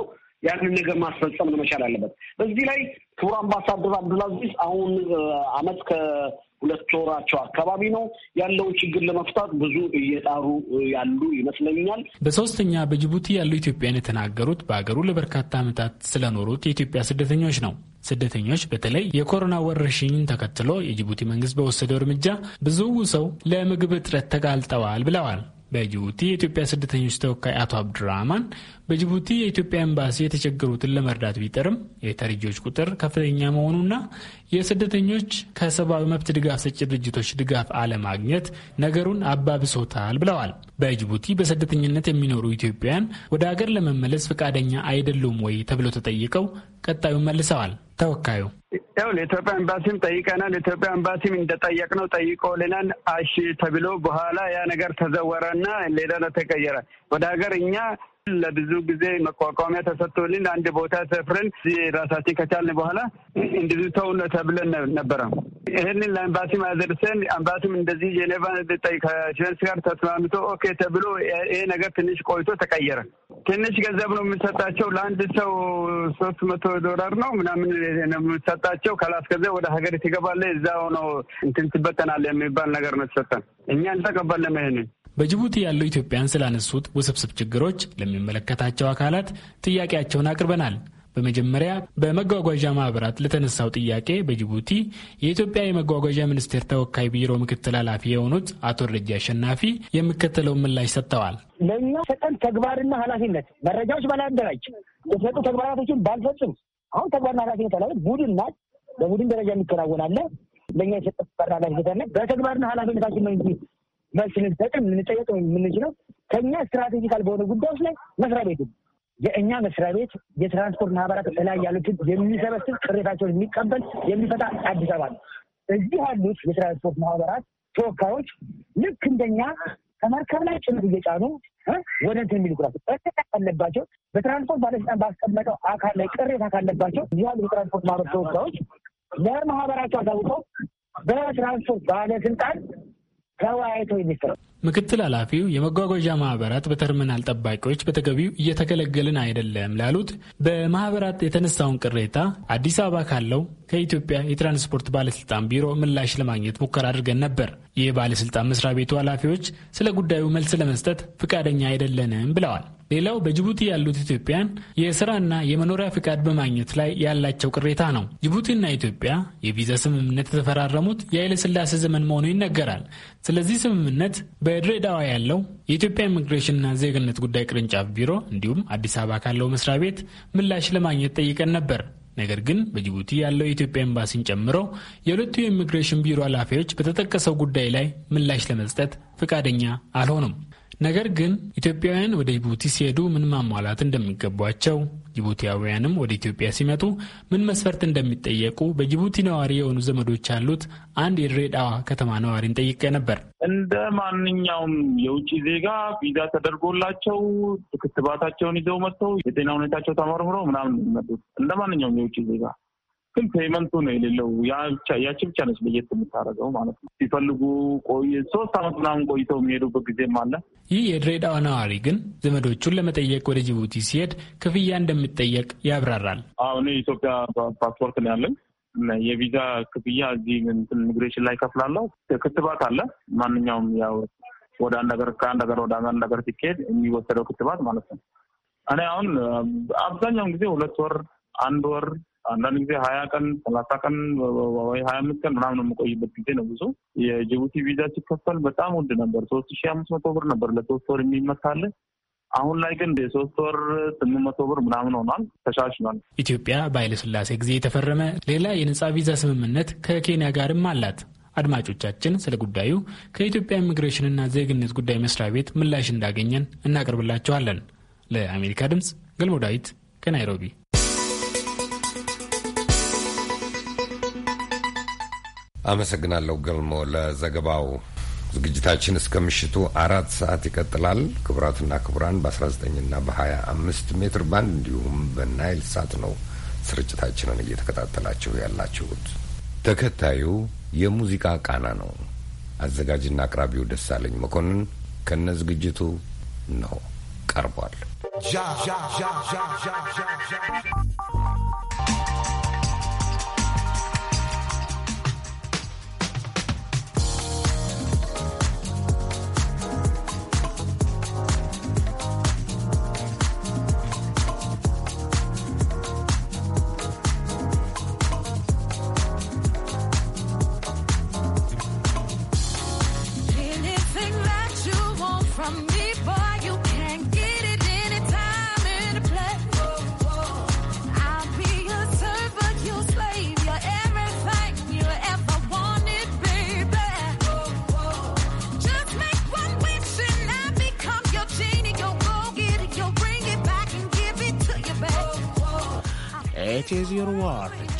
ያንን ነገር ማስፈጸም መቻል አለበት። በዚህ ላይ ክቡር አምባሳደር አብዱልአዚዝ አሁን አመት ከሁለት ወራቸው አካባቢ ነው ያለውን ችግር ለመፍታት ብዙ እየጣሩ ያሉ ይመስለኛል። በሶስተኛ በጅቡቲ ያሉ ኢትዮጵያን የተናገሩት በሀገሩ ለበርካታ አመታት ስለኖሩት የኢትዮጵያ ስደተኞች ነው። ስደተኞች በተለይ የኮሮና ወረርሽኝን ተከትሎ የጅቡቲ መንግስት በወሰደው እርምጃ ብዙ ሰው ለምግብ እጥረት ተጋልጠዋል ብለዋል። በጅቡቲ የኢትዮጵያ ስደተኞች ተወካይ አቶ አብዱራህማን በጅቡቲ የኢትዮጵያ ኤምባሲ የተቸገሩትን ለመርዳት ቢጥርም የተረጂዎች ቁጥር ከፍተኛ መሆኑና የስደተኞች ከሰብአዊ መብት ድጋፍ ሰጪ ድርጅቶች ድጋፍ አለማግኘት ነገሩን አባብሶታል ብለዋል። በጅቡቲ በስደተኝነት የሚኖሩ ኢትዮጵያውያን ወደ አገር ለመመለስ ፈቃደኛ አይደሉም ወይ ተብለው ተጠይቀው ቀጣዩን መልሰዋል ተወካዩ ያው ለኢትዮጵያ ኤምባሲም ጠይቀናል። ኢትዮጵያ ኤምባሲም እንደጠየቅነው ጠይቆልናል። አሺ ተብሎ በኋላ ያ ነገር ተዘወረና ሌላ ነው ተቀየረ። ወደ ሀገር እኛ ለብዙ ጊዜ መቋቋሚያ ተሰጥቶልን ለአንድ ቦታ ሰፍረን ራሳችን ከቻልን በኋላ እንደዚህ ተው ተብለን ነበረ። ይህንን ለአምባሲ አዘርሰን አምባሲም እንደዚህ ጄኔቫ ከሽንስ ጋር ተስማምቶ ኦኬ ተብሎ ይሄ ነገር ትንሽ ቆይቶ ተቀየረ። ትንሽ ገንዘብ ነው የምንሰጣቸው ለአንድ ሰው ሶስት መቶ ዶላር ነው ምናምን ነው የምንሰጣቸው። ካላስገዛ ወደ ሀገር ትገባለህ፣ እዛ ነው እንትን ትበተናለህ የሚባል ነገር ነው ተሰጠን። እኛ እንጠቀበለም ይሄንን በጅቡቲ ያሉ ኢትዮጵያን ስላነሱት ውስብስብ ችግሮች ለሚመለከታቸው አካላት ጥያቄያቸውን አቅርበናል። በመጀመሪያ በመጓጓዣ ማህበራት ለተነሳው ጥያቄ በጅቡቲ የኢትዮጵያ የመጓጓዣ ሚኒስቴር ተወካይ ቢሮ ምክትል ኃላፊ የሆኑት አቶ ረጂ አሸናፊ የሚከተለውን ምላሽ ሰጥተዋል። ለእኛ ሰጠን ተግባርና ኃላፊነት መረጃዎች ባላደራጅ የተሰጡ ተግባራቶችን ባልፈጽም አሁን ተግባርና ኃላፊነት አለ ቡድን ናት። በቡድን ደረጃ የሚከናወናለ ለእኛ የሰጠ ተግባርና ኃላፊነት አለ። በተግባርና ኃላፊነታችን ነው እንጂ መልስ ልንሰጥም የምንጠየቅ የምንችለው ከኛ ስትራቴጂካል በሆነ ጉዳዮች ላይ መስሪያ ቤት የእኛ መስሪያ ቤት የትራንስፖርት ማህበራት ላይ ያሉትን የሚሰበስብ ቅሬታቸውን የሚቀበል የሚፈታ አዲስ አበባ ነው። እዚህ ያሉት የትራንስፖርት ማህበራት ተወካዮች ልክ እንደኛ ከመርከብ ላይ ጭነት እየጫኑ ወደ እንትን የሚልኩ ናቸው። ካለባቸው በትራንስፖርት ባለስልጣን ባስቀመጠው አካል ላይ ቅሬታ ካለባቸው እዚህ ያሉ የትራንስፖርት ማህበር ተወካዮች ለማህበራቸው አሳውቀው በትራንስፖርት ባለስልጣን Hello, I agree with ምክትል ኃላፊው የመጓጓዣ ማህበራት በተርሚናል ጠባቂዎች በተገቢው እየተገለገልን አይደለም ላሉት በማህበራት የተነሳውን ቅሬታ አዲስ አበባ ካለው ከኢትዮጵያ የትራንስፖርት ባለስልጣን ቢሮ ምላሽ ለማግኘት ሙከራ አድርገን ነበር። ይህ ባለስልጣን መስሪያ ቤቱ ኃላፊዎች ስለ ጉዳዩ መልስ ለመስጠት ፍቃደኛ አይደለንም ብለዋል። ሌላው በጅቡቲ ያሉት ኢትዮጵያን የስራና የመኖሪያ ፍቃድ በማግኘት ላይ ያላቸው ቅሬታ ነው። ጅቡቲና ኢትዮጵያ የቪዛ ስምምነት የተፈራረሙት የኃይለስላሴ ዘመን መሆኑ ይነገራል። ስለዚህ ስምምነት በድሬዳዋ ያለው የኢትዮጵያ ኢሚግሬሽንና ዜግነት ጉዳይ ቅርንጫፍ ቢሮ እንዲሁም አዲስ አበባ ካለው መስሪያ ቤት ምላሽ ለማግኘት ጠይቀን ነበር። ነገር ግን በጅቡቲ ያለው የኢትዮጵያ ኤምባሲን ጨምሮ የሁለቱ የኢሚግሬሽን ቢሮ ኃላፊዎች በተጠቀሰው ጉዳይ ላይ ምላሽ ለመስጠት ፈቃደኛ አልሆኑም። ነገር ግን ኢትዮጵያውያን ወደ ጅቡቲ ሲሄዱ ምን ማሟላት እንደሚገቧቸው፣ ጅቡቲያውያንም ወደ ኢትዮጵያ ሲመጡ ምን መስፈርት እንደሚጠየቁ በጅቡቲ ነዋሪ የሆኑ ዘመዶች ያሉት አንድ የድሬዳዋ ከተማ ነዋሪን ጠይቄ ነበር። እንደ ማንኛውም የውጭ ዜጋ ቪዛ ተደርጎላቸው ክትባታቸውን ይዘው መጥተው የጤና ሁኔታቸው ተመርምሮ ምናምን የሚመጡት እንደ ማንኛውም የውጭ ዜጋ ግን ፔመንቱ ነው የሌለው። ያቺ ብቻ ነች ለየት የምታደርገው ማለት ነው። ሲፈልጉ ቆይ ሶስት አመት ምናምን ቆይተው የሚሄዱበት ጊዜም አለ። ይህ የድሬዳዋ ነዋሪ ግን ዘመዶቹን ለመጠየቅ ወደ ጅቡቲ ሲሄድ ክፍያ እንደሚጠየቅ ያብራራል። አሁን የኢትዮጵያ ፓስፖርት ነው ያለኝ የቪዛ ክፍያ እዚህ ኢሚግሬሽን ላይ ከፍላለሁ። ክትባት አለ ማንኛውም ያው ወደ አንድ ሀገር ከአንድ ሀገር ወደ አንድ ሀገር ሲካሄድ የሚወሰደው ክትባት ማለት ነው። እኔ አሁን አብዛኛውን ጊዜ ሁለት ወር አንድ ወር አንዳንድ ጊዜ ሀያ ቀን ሰላሳ ቀን ወይ ሀያ አምስት ቀን ምናምን የምቆይበት ጊዜ ነው። ብዙ የጅቡቲ ቪዛ ሲከፈል በጣም ውድ ነበር። ሶስት ሺ አምስት መቶ ብር ነበር ለሶስት ወር የሚመታለ አሁን ላይ ግን የሶስት ወር ስምንት መቶ ብር ምናምን ሆኗል፣ ተሻሽሏል። ኢትዮጵያ በኃይለሥላሴ ጊዜ የተፈረመ ሌላ የነፃ ቪዛ ስምምነት ከኬንያ ጋርም አላት። አድማጮቻችን ስለ ጉዳዩ ከኢትዮጵያ ኢሚግሬሽንና ዜግነት ጉዳይ መስሪያ ቤት ምላሽ እንዳገኘን እናቀርብላቸዋለን። ለአሜሪካ ድምፅ ገልሞ ዳዊት ከናይሮቢ አመሰግናለሁ ገልሞ ለዘገባው። ዝግጅታችን እስከ ምሽቱ አራት ሰዓት ይቀጥላል። ክቡራትና ክቡራን በ19ና በ25 ሜትር ባንድ እንዲሁም በናይል ሳት ነው ስርጭታችንን እየተከታተላችሁ ያላችሁት። ተከታዩ የሙዚቃ ቃና ነው። አዘጋጅና አቅራቢው ደሳለኝ መኮንን ከነ ዝግጅቱ ነው ቀርቧል።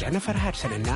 ቀነ ፈርሃድ ሰንና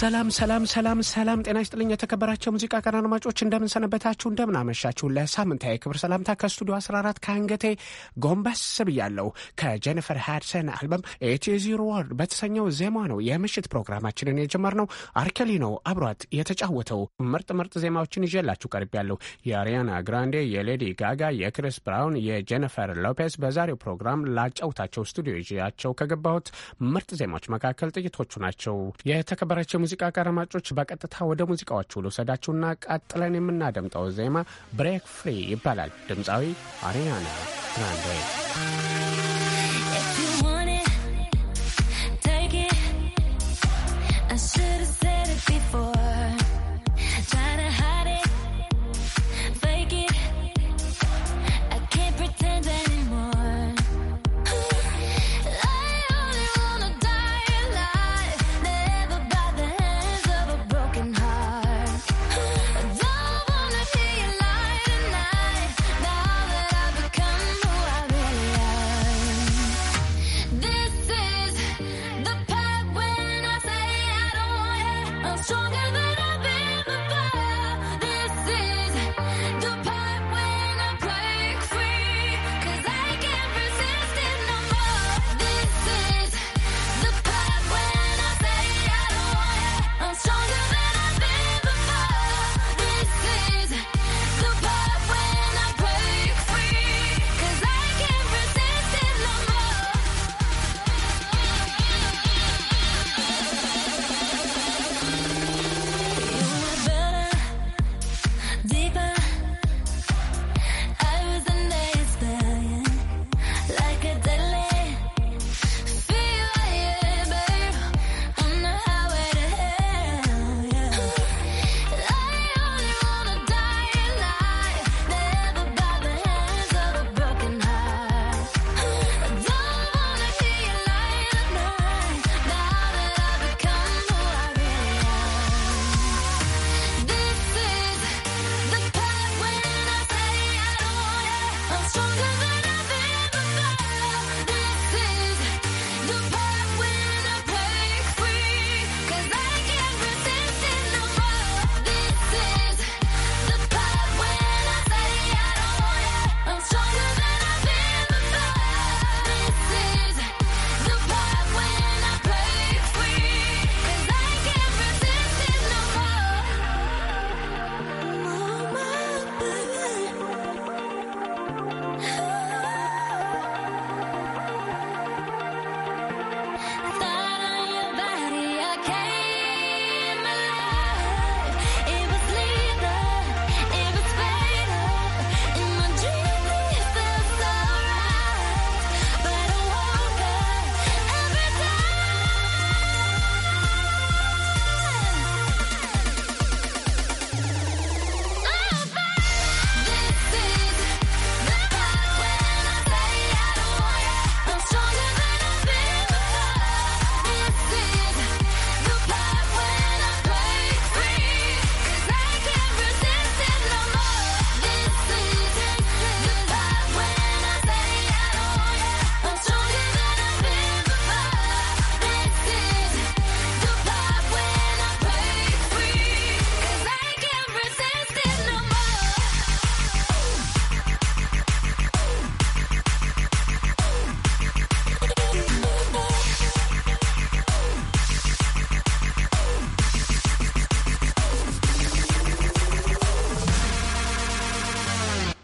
ሰላም ሰላም ሰላም ሰላም፣ ጤና ይስጥልኝ የተከበራቸው ሙዚቃ ቀን አድማጮች፣ እንደምንሰነበታችሁ፣ እንደምናመሻችሁ። ለሳምንታዊ ክብር ሰላምታ ከስቱዲዮ 14 ከአንገቴ ጎንበስ ብያለሁ። ከጀኒፈር ሃድሰን አልበም ዚሮ ወርድ በተሰኘው ዜማ ነው የምሽት ፕሮግራማችንን የጀመርነው። አርኬሊ ነው አብሯት የተጫወተው። ምርጥ ምርጥ ዜማዎችን ይዤላችሁ ቀርቤያለሁ። የአሪያና ግራንዴ፣ የሌዲ ጋጋ፣ የክሪስ ብራውን፣ የጀኒፈር ሎፔዝ በዛሬው ፕሮግራም ላጫውታቸው ስቱዲዮ ይዤያቸው ከገባሁት ምርጥ ዜማዎች መካከል ጥቂቶቹ ናቸው። የተከበራቸው የሙዚቃ ጋር አድማጮች፣ በቀጥታ ወደ ሙዚቃዎቹ ልውሰዳችሁና ቀጥለን የምናደምጠው ዜማ ብሬክ ፍሪ ይባላል። ድምፃዊ አሪያና ግራንዴ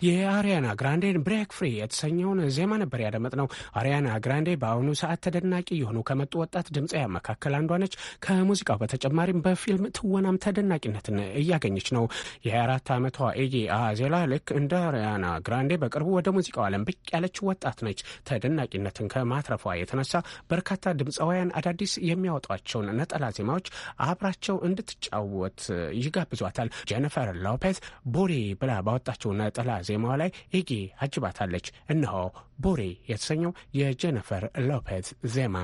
የአሪያና ግራንዴን ብሬክ ፍሪ የተሰኘውን ዜማ ነበር ያደመጥነው። አሪያና ግራንዴ በአሁኑ ሰዓት ተደናቂ የሆኑ ከመጡ ወጣት ድምፃውያን መካከል አንዷ ነች። ከሙዚቃው በተጨማሪም በፊልም ትወናም ተደናቂነትን እያገኘች ነው። የ24 ዓመቷ ኤጌ አዜላ ልክ እንደ አሪያና ግራንዴ በቅርቡ ወደ ሙዚቃው ዓለም ብቅ ያለች ወጣት ነች። ተደናቂነትን ከማትረፏ የተነሳ በርካታ ድምፃውያን አዳዲስ የሚያወጧቸውን ነጠላ ዜማዎች አብራቸው እንድትጫወት ይጋብዟታል። ጀኒፈር ሎፔዝ ቦሪ ብላ ባወጣቸው ነጠላ ዜማ ዜማዋ ላይ ኢጊ አጅባታለች። እነሆ ቦሬ የተሰኘው የጀነፈር ሎፔዝ ዜማ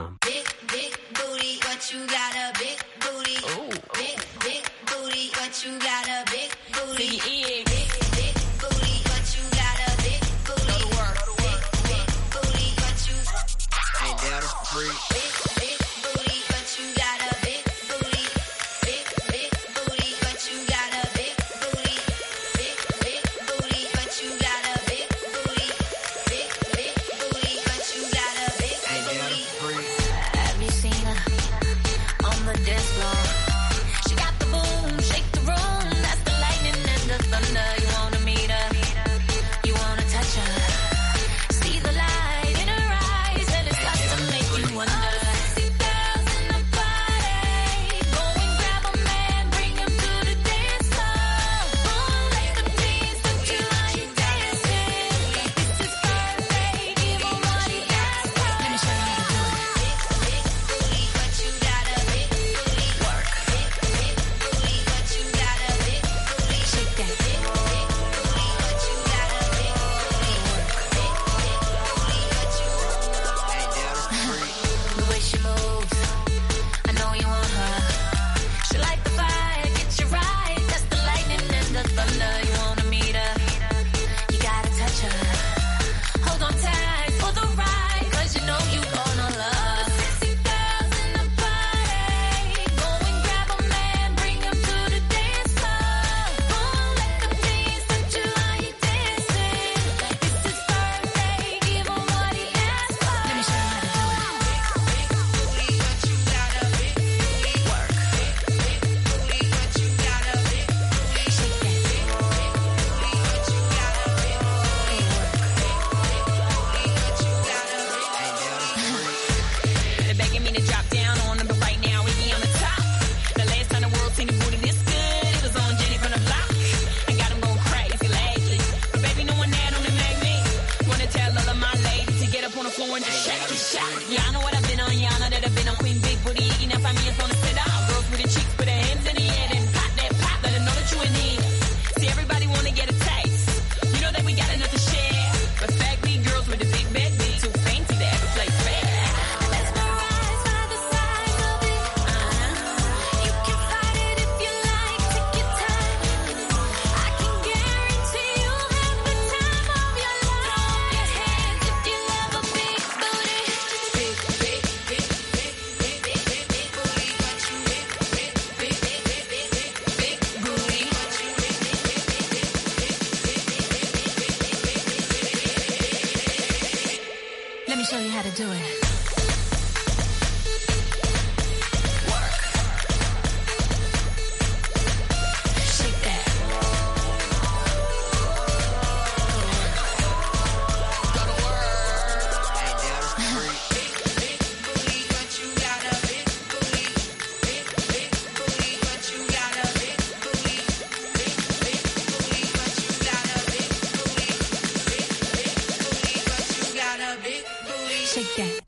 me show you how to do it.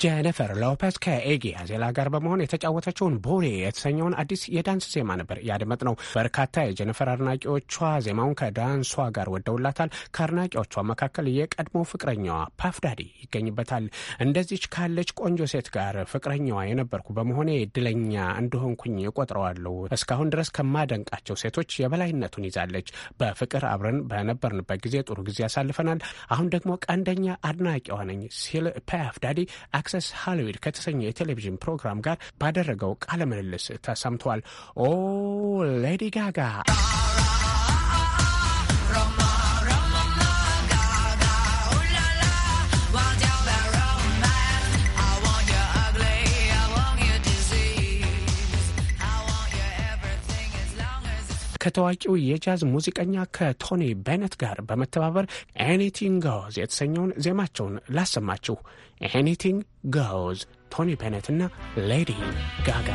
Jan ጄኒፈር ሎፐስ ከኤጊ አዜላ ጋር በመሆን የተጫወተችውን ቦሌ የተሰኘውን አዲስ የዳንስ ዜማ ነበር ያድመጥ ነው። በርካታ የጄኒፈር አድናቂዎቿ ዜማውን ከዳንሷ ጋር ወደውላታል። ከአድናቂዎቿ መካከል የቀድሞ ፍቅረኛዋ ፓፍዳዲ ይገኝበታል። እንደዚች ካለች ቆንጆ ሴት ጋር ፍቅረኛዋ የነበርኩ በመሆኔ እድለኛ እንደሆንኩኝ እቆጥረዋለሁ። እስካሁን ድረስ ከማደንቃቸው ሴቶች የበላይነቱን ይዛለች። በፍቅር አብረን በነበርንበት ጊዜ ጥሩ ጊዜ ያሳልፈናል። አሁን ደግሞ ቀንደኛ አድናቂዋ ነኝ ሲል ፓፍዳዲ አክሰስ ሃሊዊድ ከተሰኘው የቴሌቪዥን ፕሮግራም ጋር ባደረገው ቃለ ምልልስ ተሰምቷል። ኦ ሌዲ ጋጋ ከታዋቂው የጃዝ ሙዚቀኛ ከቶኒ ቤነት ጋር በመተባበር ኤኒቲንግ ጋውዝ የተሰኘውን ዜማቸውን ላሰማችሁ። ኤኒቲንግ ጋውዝ ቶኒ ቤነት እና ሌዲ ጋጋ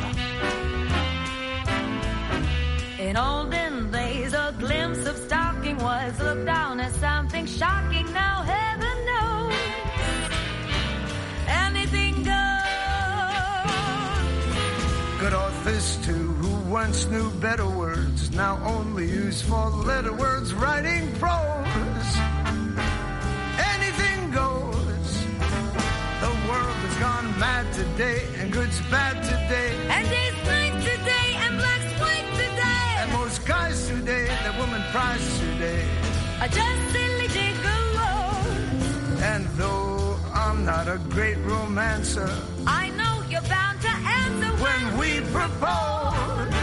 In olden days, a glimpse of stocking was looked down as something shocking. Now, heaven knows, anything goes. Good authors, too. once knew better words, now only use for letter words, writing prose. Anything goes. The world has gone mad today, and good's bad today. And there's night today, and black's white today. And most guys today, that woman prize today. Are just silly gigolos. And though I'm not a great romancer, I know you're bound to answer when, when we propose.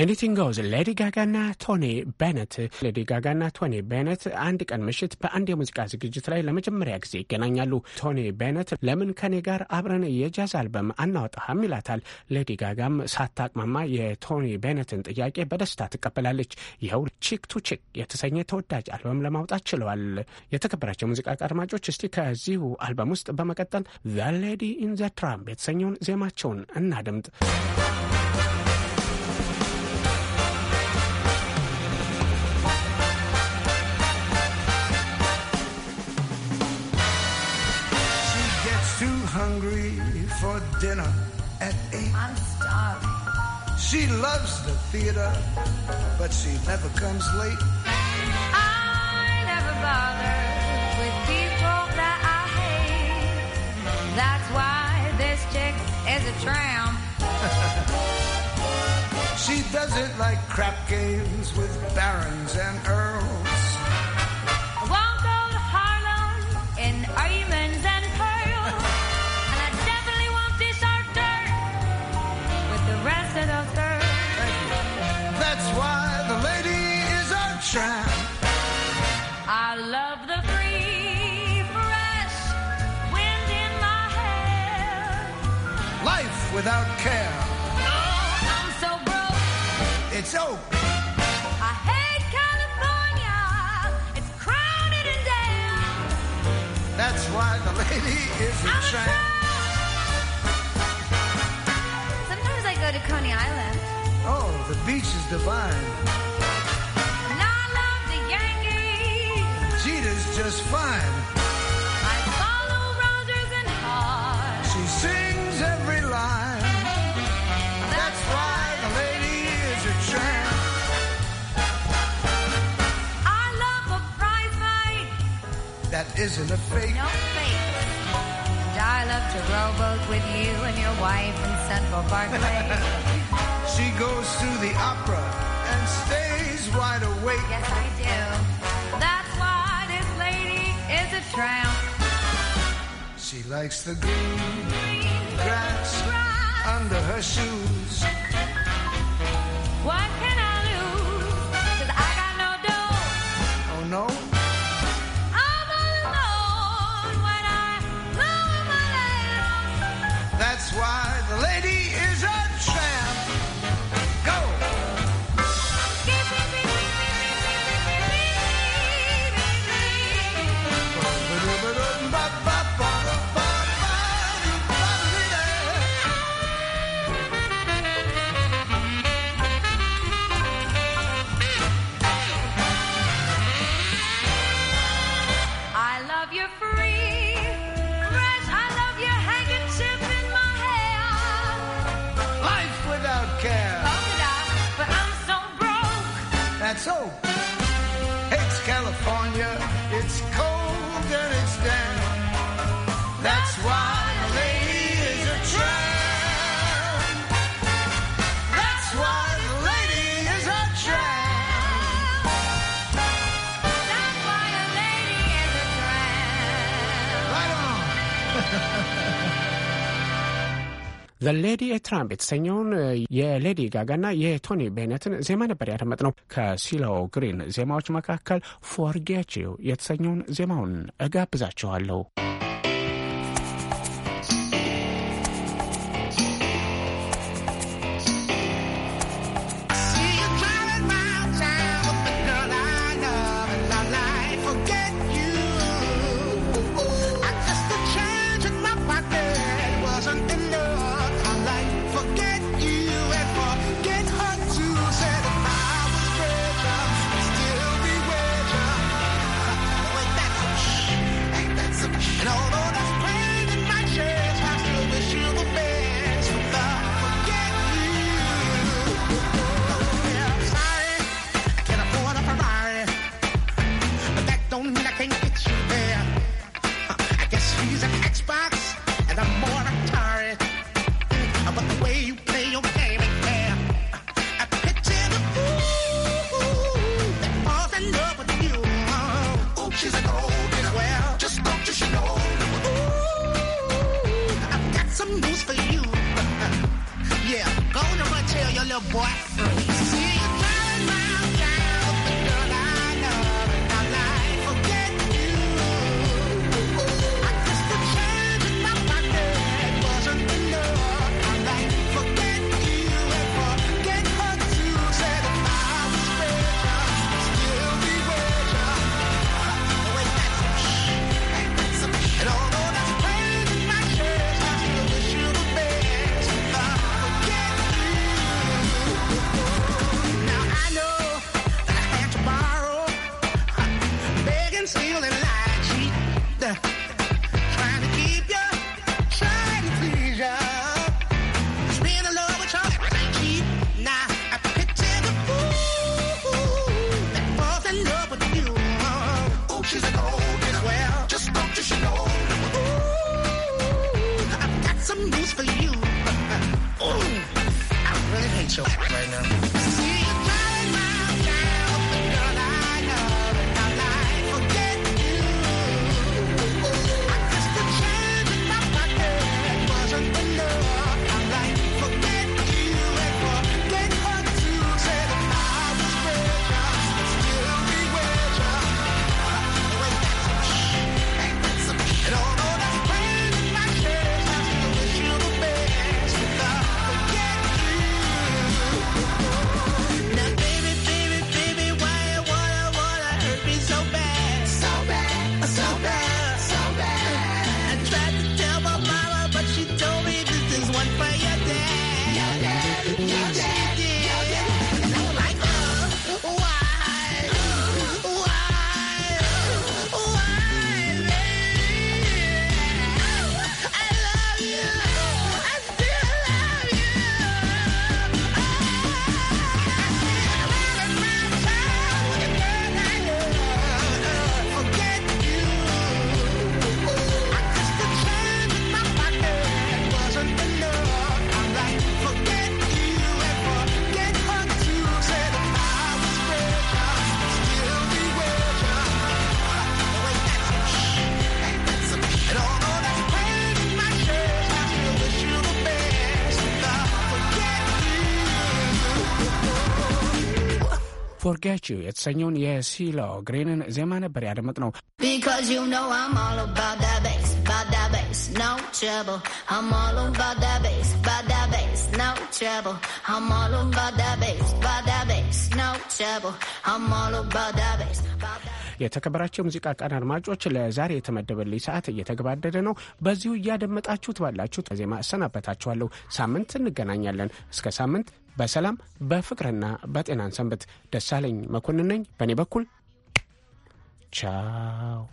ኤኒቲንግ ጎዝ ሌዲ ጋጋና ቶኒ ቤነት ሌዲ ጋጋና ቶኒ ቤነት አንድ ቀን ምሽት በአንድ የሙዚቃ ዝግጅት ላይ ለመጀመሪያ ጊዜ ይገናኛሉ። ቶኒ ቤነት ለምን ከኔ ጋር አብረን የጃዝ አልበም አናወጣህም ይላታል። ሌዲ ጋጋም ሳታቅማማ የቶኒ ቤነትን ጥያቄ በደስታ ትቀበላለች። ይኸው ቺክ ቱ ቺክ የተሰኘ ተወዳጅ አልበም ለማውጣት ችለዋል። የተከበራቸው የሙዚቃ አድማጮች፣ እስቲ ከዚሁ አልበም ውስጥ በመቀጠል ዘ ሌዲ ኢን ዘ ትራምፕ የተሰኘውን ዜማቸውን እናድምጥ። hungry for dinner at 8. I'm starving. She loves the theater, but she never comes late. I never bother with people that I hate. That's why this chick is a tramp. she does it like crap games with barons and earls. without care. Oh, I'm so broke. It's oak. I hate California. It's crowded and damn. That's why the lady is a tramp. Sometimes I go to Coney Island. Oh, the beach is divine. And I love the Yankees. Cheetah's just fine. I follow Rogers and Hart. She sings. that isn't a fake. No fake. I love to rowboat with you and your wife in Central Parkway. she goes to the opera and stays wide awake. Yes, I do. That's why this lady is a tramp. She likes the green, green grass, grass under her shoes ሌዲ ኤትራምፕ የተሰኘውን የሌዲ ጋጋና የቶኒ ቤነትን ዜማ ነበር ያደመጥነው። ከሲሎ ግሪን ዜማዎች መካከል ፎርጌት የተሰኘውን ዜማውን እጋብዛችኋለሁ። ወዳችሁ የተሰኘውን የሲሎ ግሪንን ዜማ ነበር ያደመጥ ነው። የተከበራቸው የሙዚቃ ቀን አድማጮች፣ ለዛሬ የተመደበልኝ ሰዓት እየተገባደደ ነው። በዚሁ እያደመጣችሁት ባላችሁት ዜማ እሰናበታችኋለሁ። ሳምንት እንገናኛለን። እስከ ሳምንት በሰላም በፍቅርና በጤናን ሰንብት። ደሳለኝ መኮንን ነኝ። በእኔ በኩል ቻው።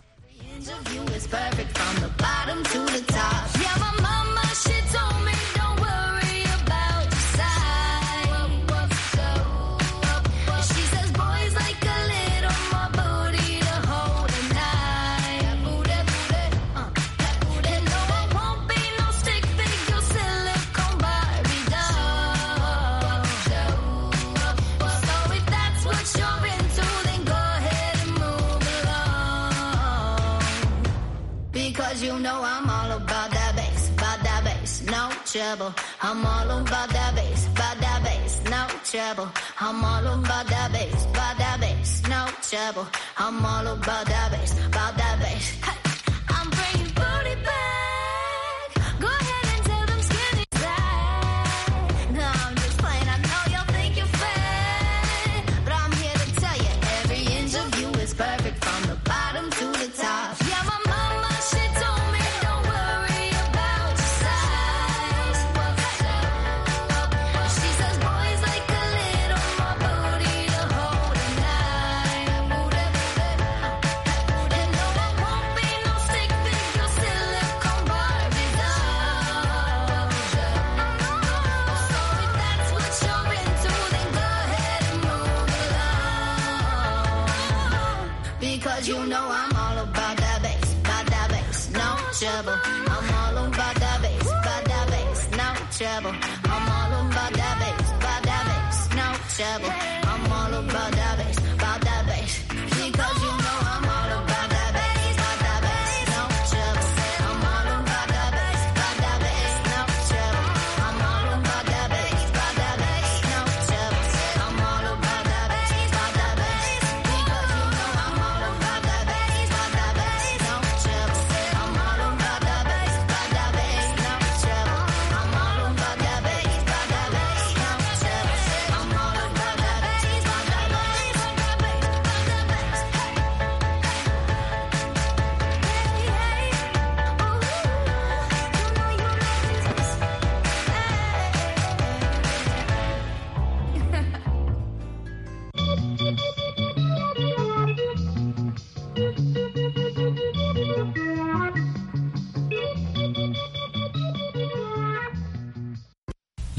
know I'm all about that bass, about that bass, no trouble. I'm all about that bass, about that bass, no trouble. I'm all about that bass, about that bass, no trouble. I'm all about that bass, about that bass. Hey. Cause you know I'm all about that bass, about that bass, no trouble. I'm all about that bass, about that bass, no trouble. I'm all about that bass, about that bass, no trouble.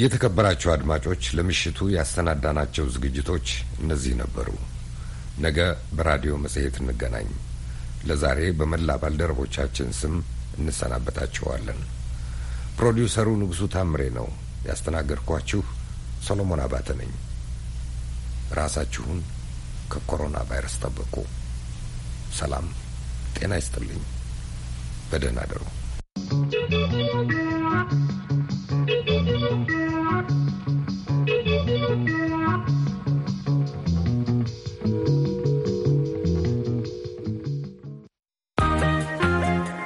የተከበራቸው አድማጮች ለምሽቱ ያሰናዳናቸው ዝግጅቶች እነዚህ ነበሩ። ነገ በራዲዮ መጽሔት እንገናኝ። ለዛሬ በመላ ባልደረቦቻችን ስም እንሰናበታችኋለን። ፕሮዲውሰሩ ንጉሡ ታምሬ ነው። ያስተናገድኳችሁ ሰሎሞን አባተ ነኝ። ራሳችሁን ከኮሮና ቫይረስ ጠብቁ። ሰላም ጤና ይስጥልኝ። በደህና አደሩ።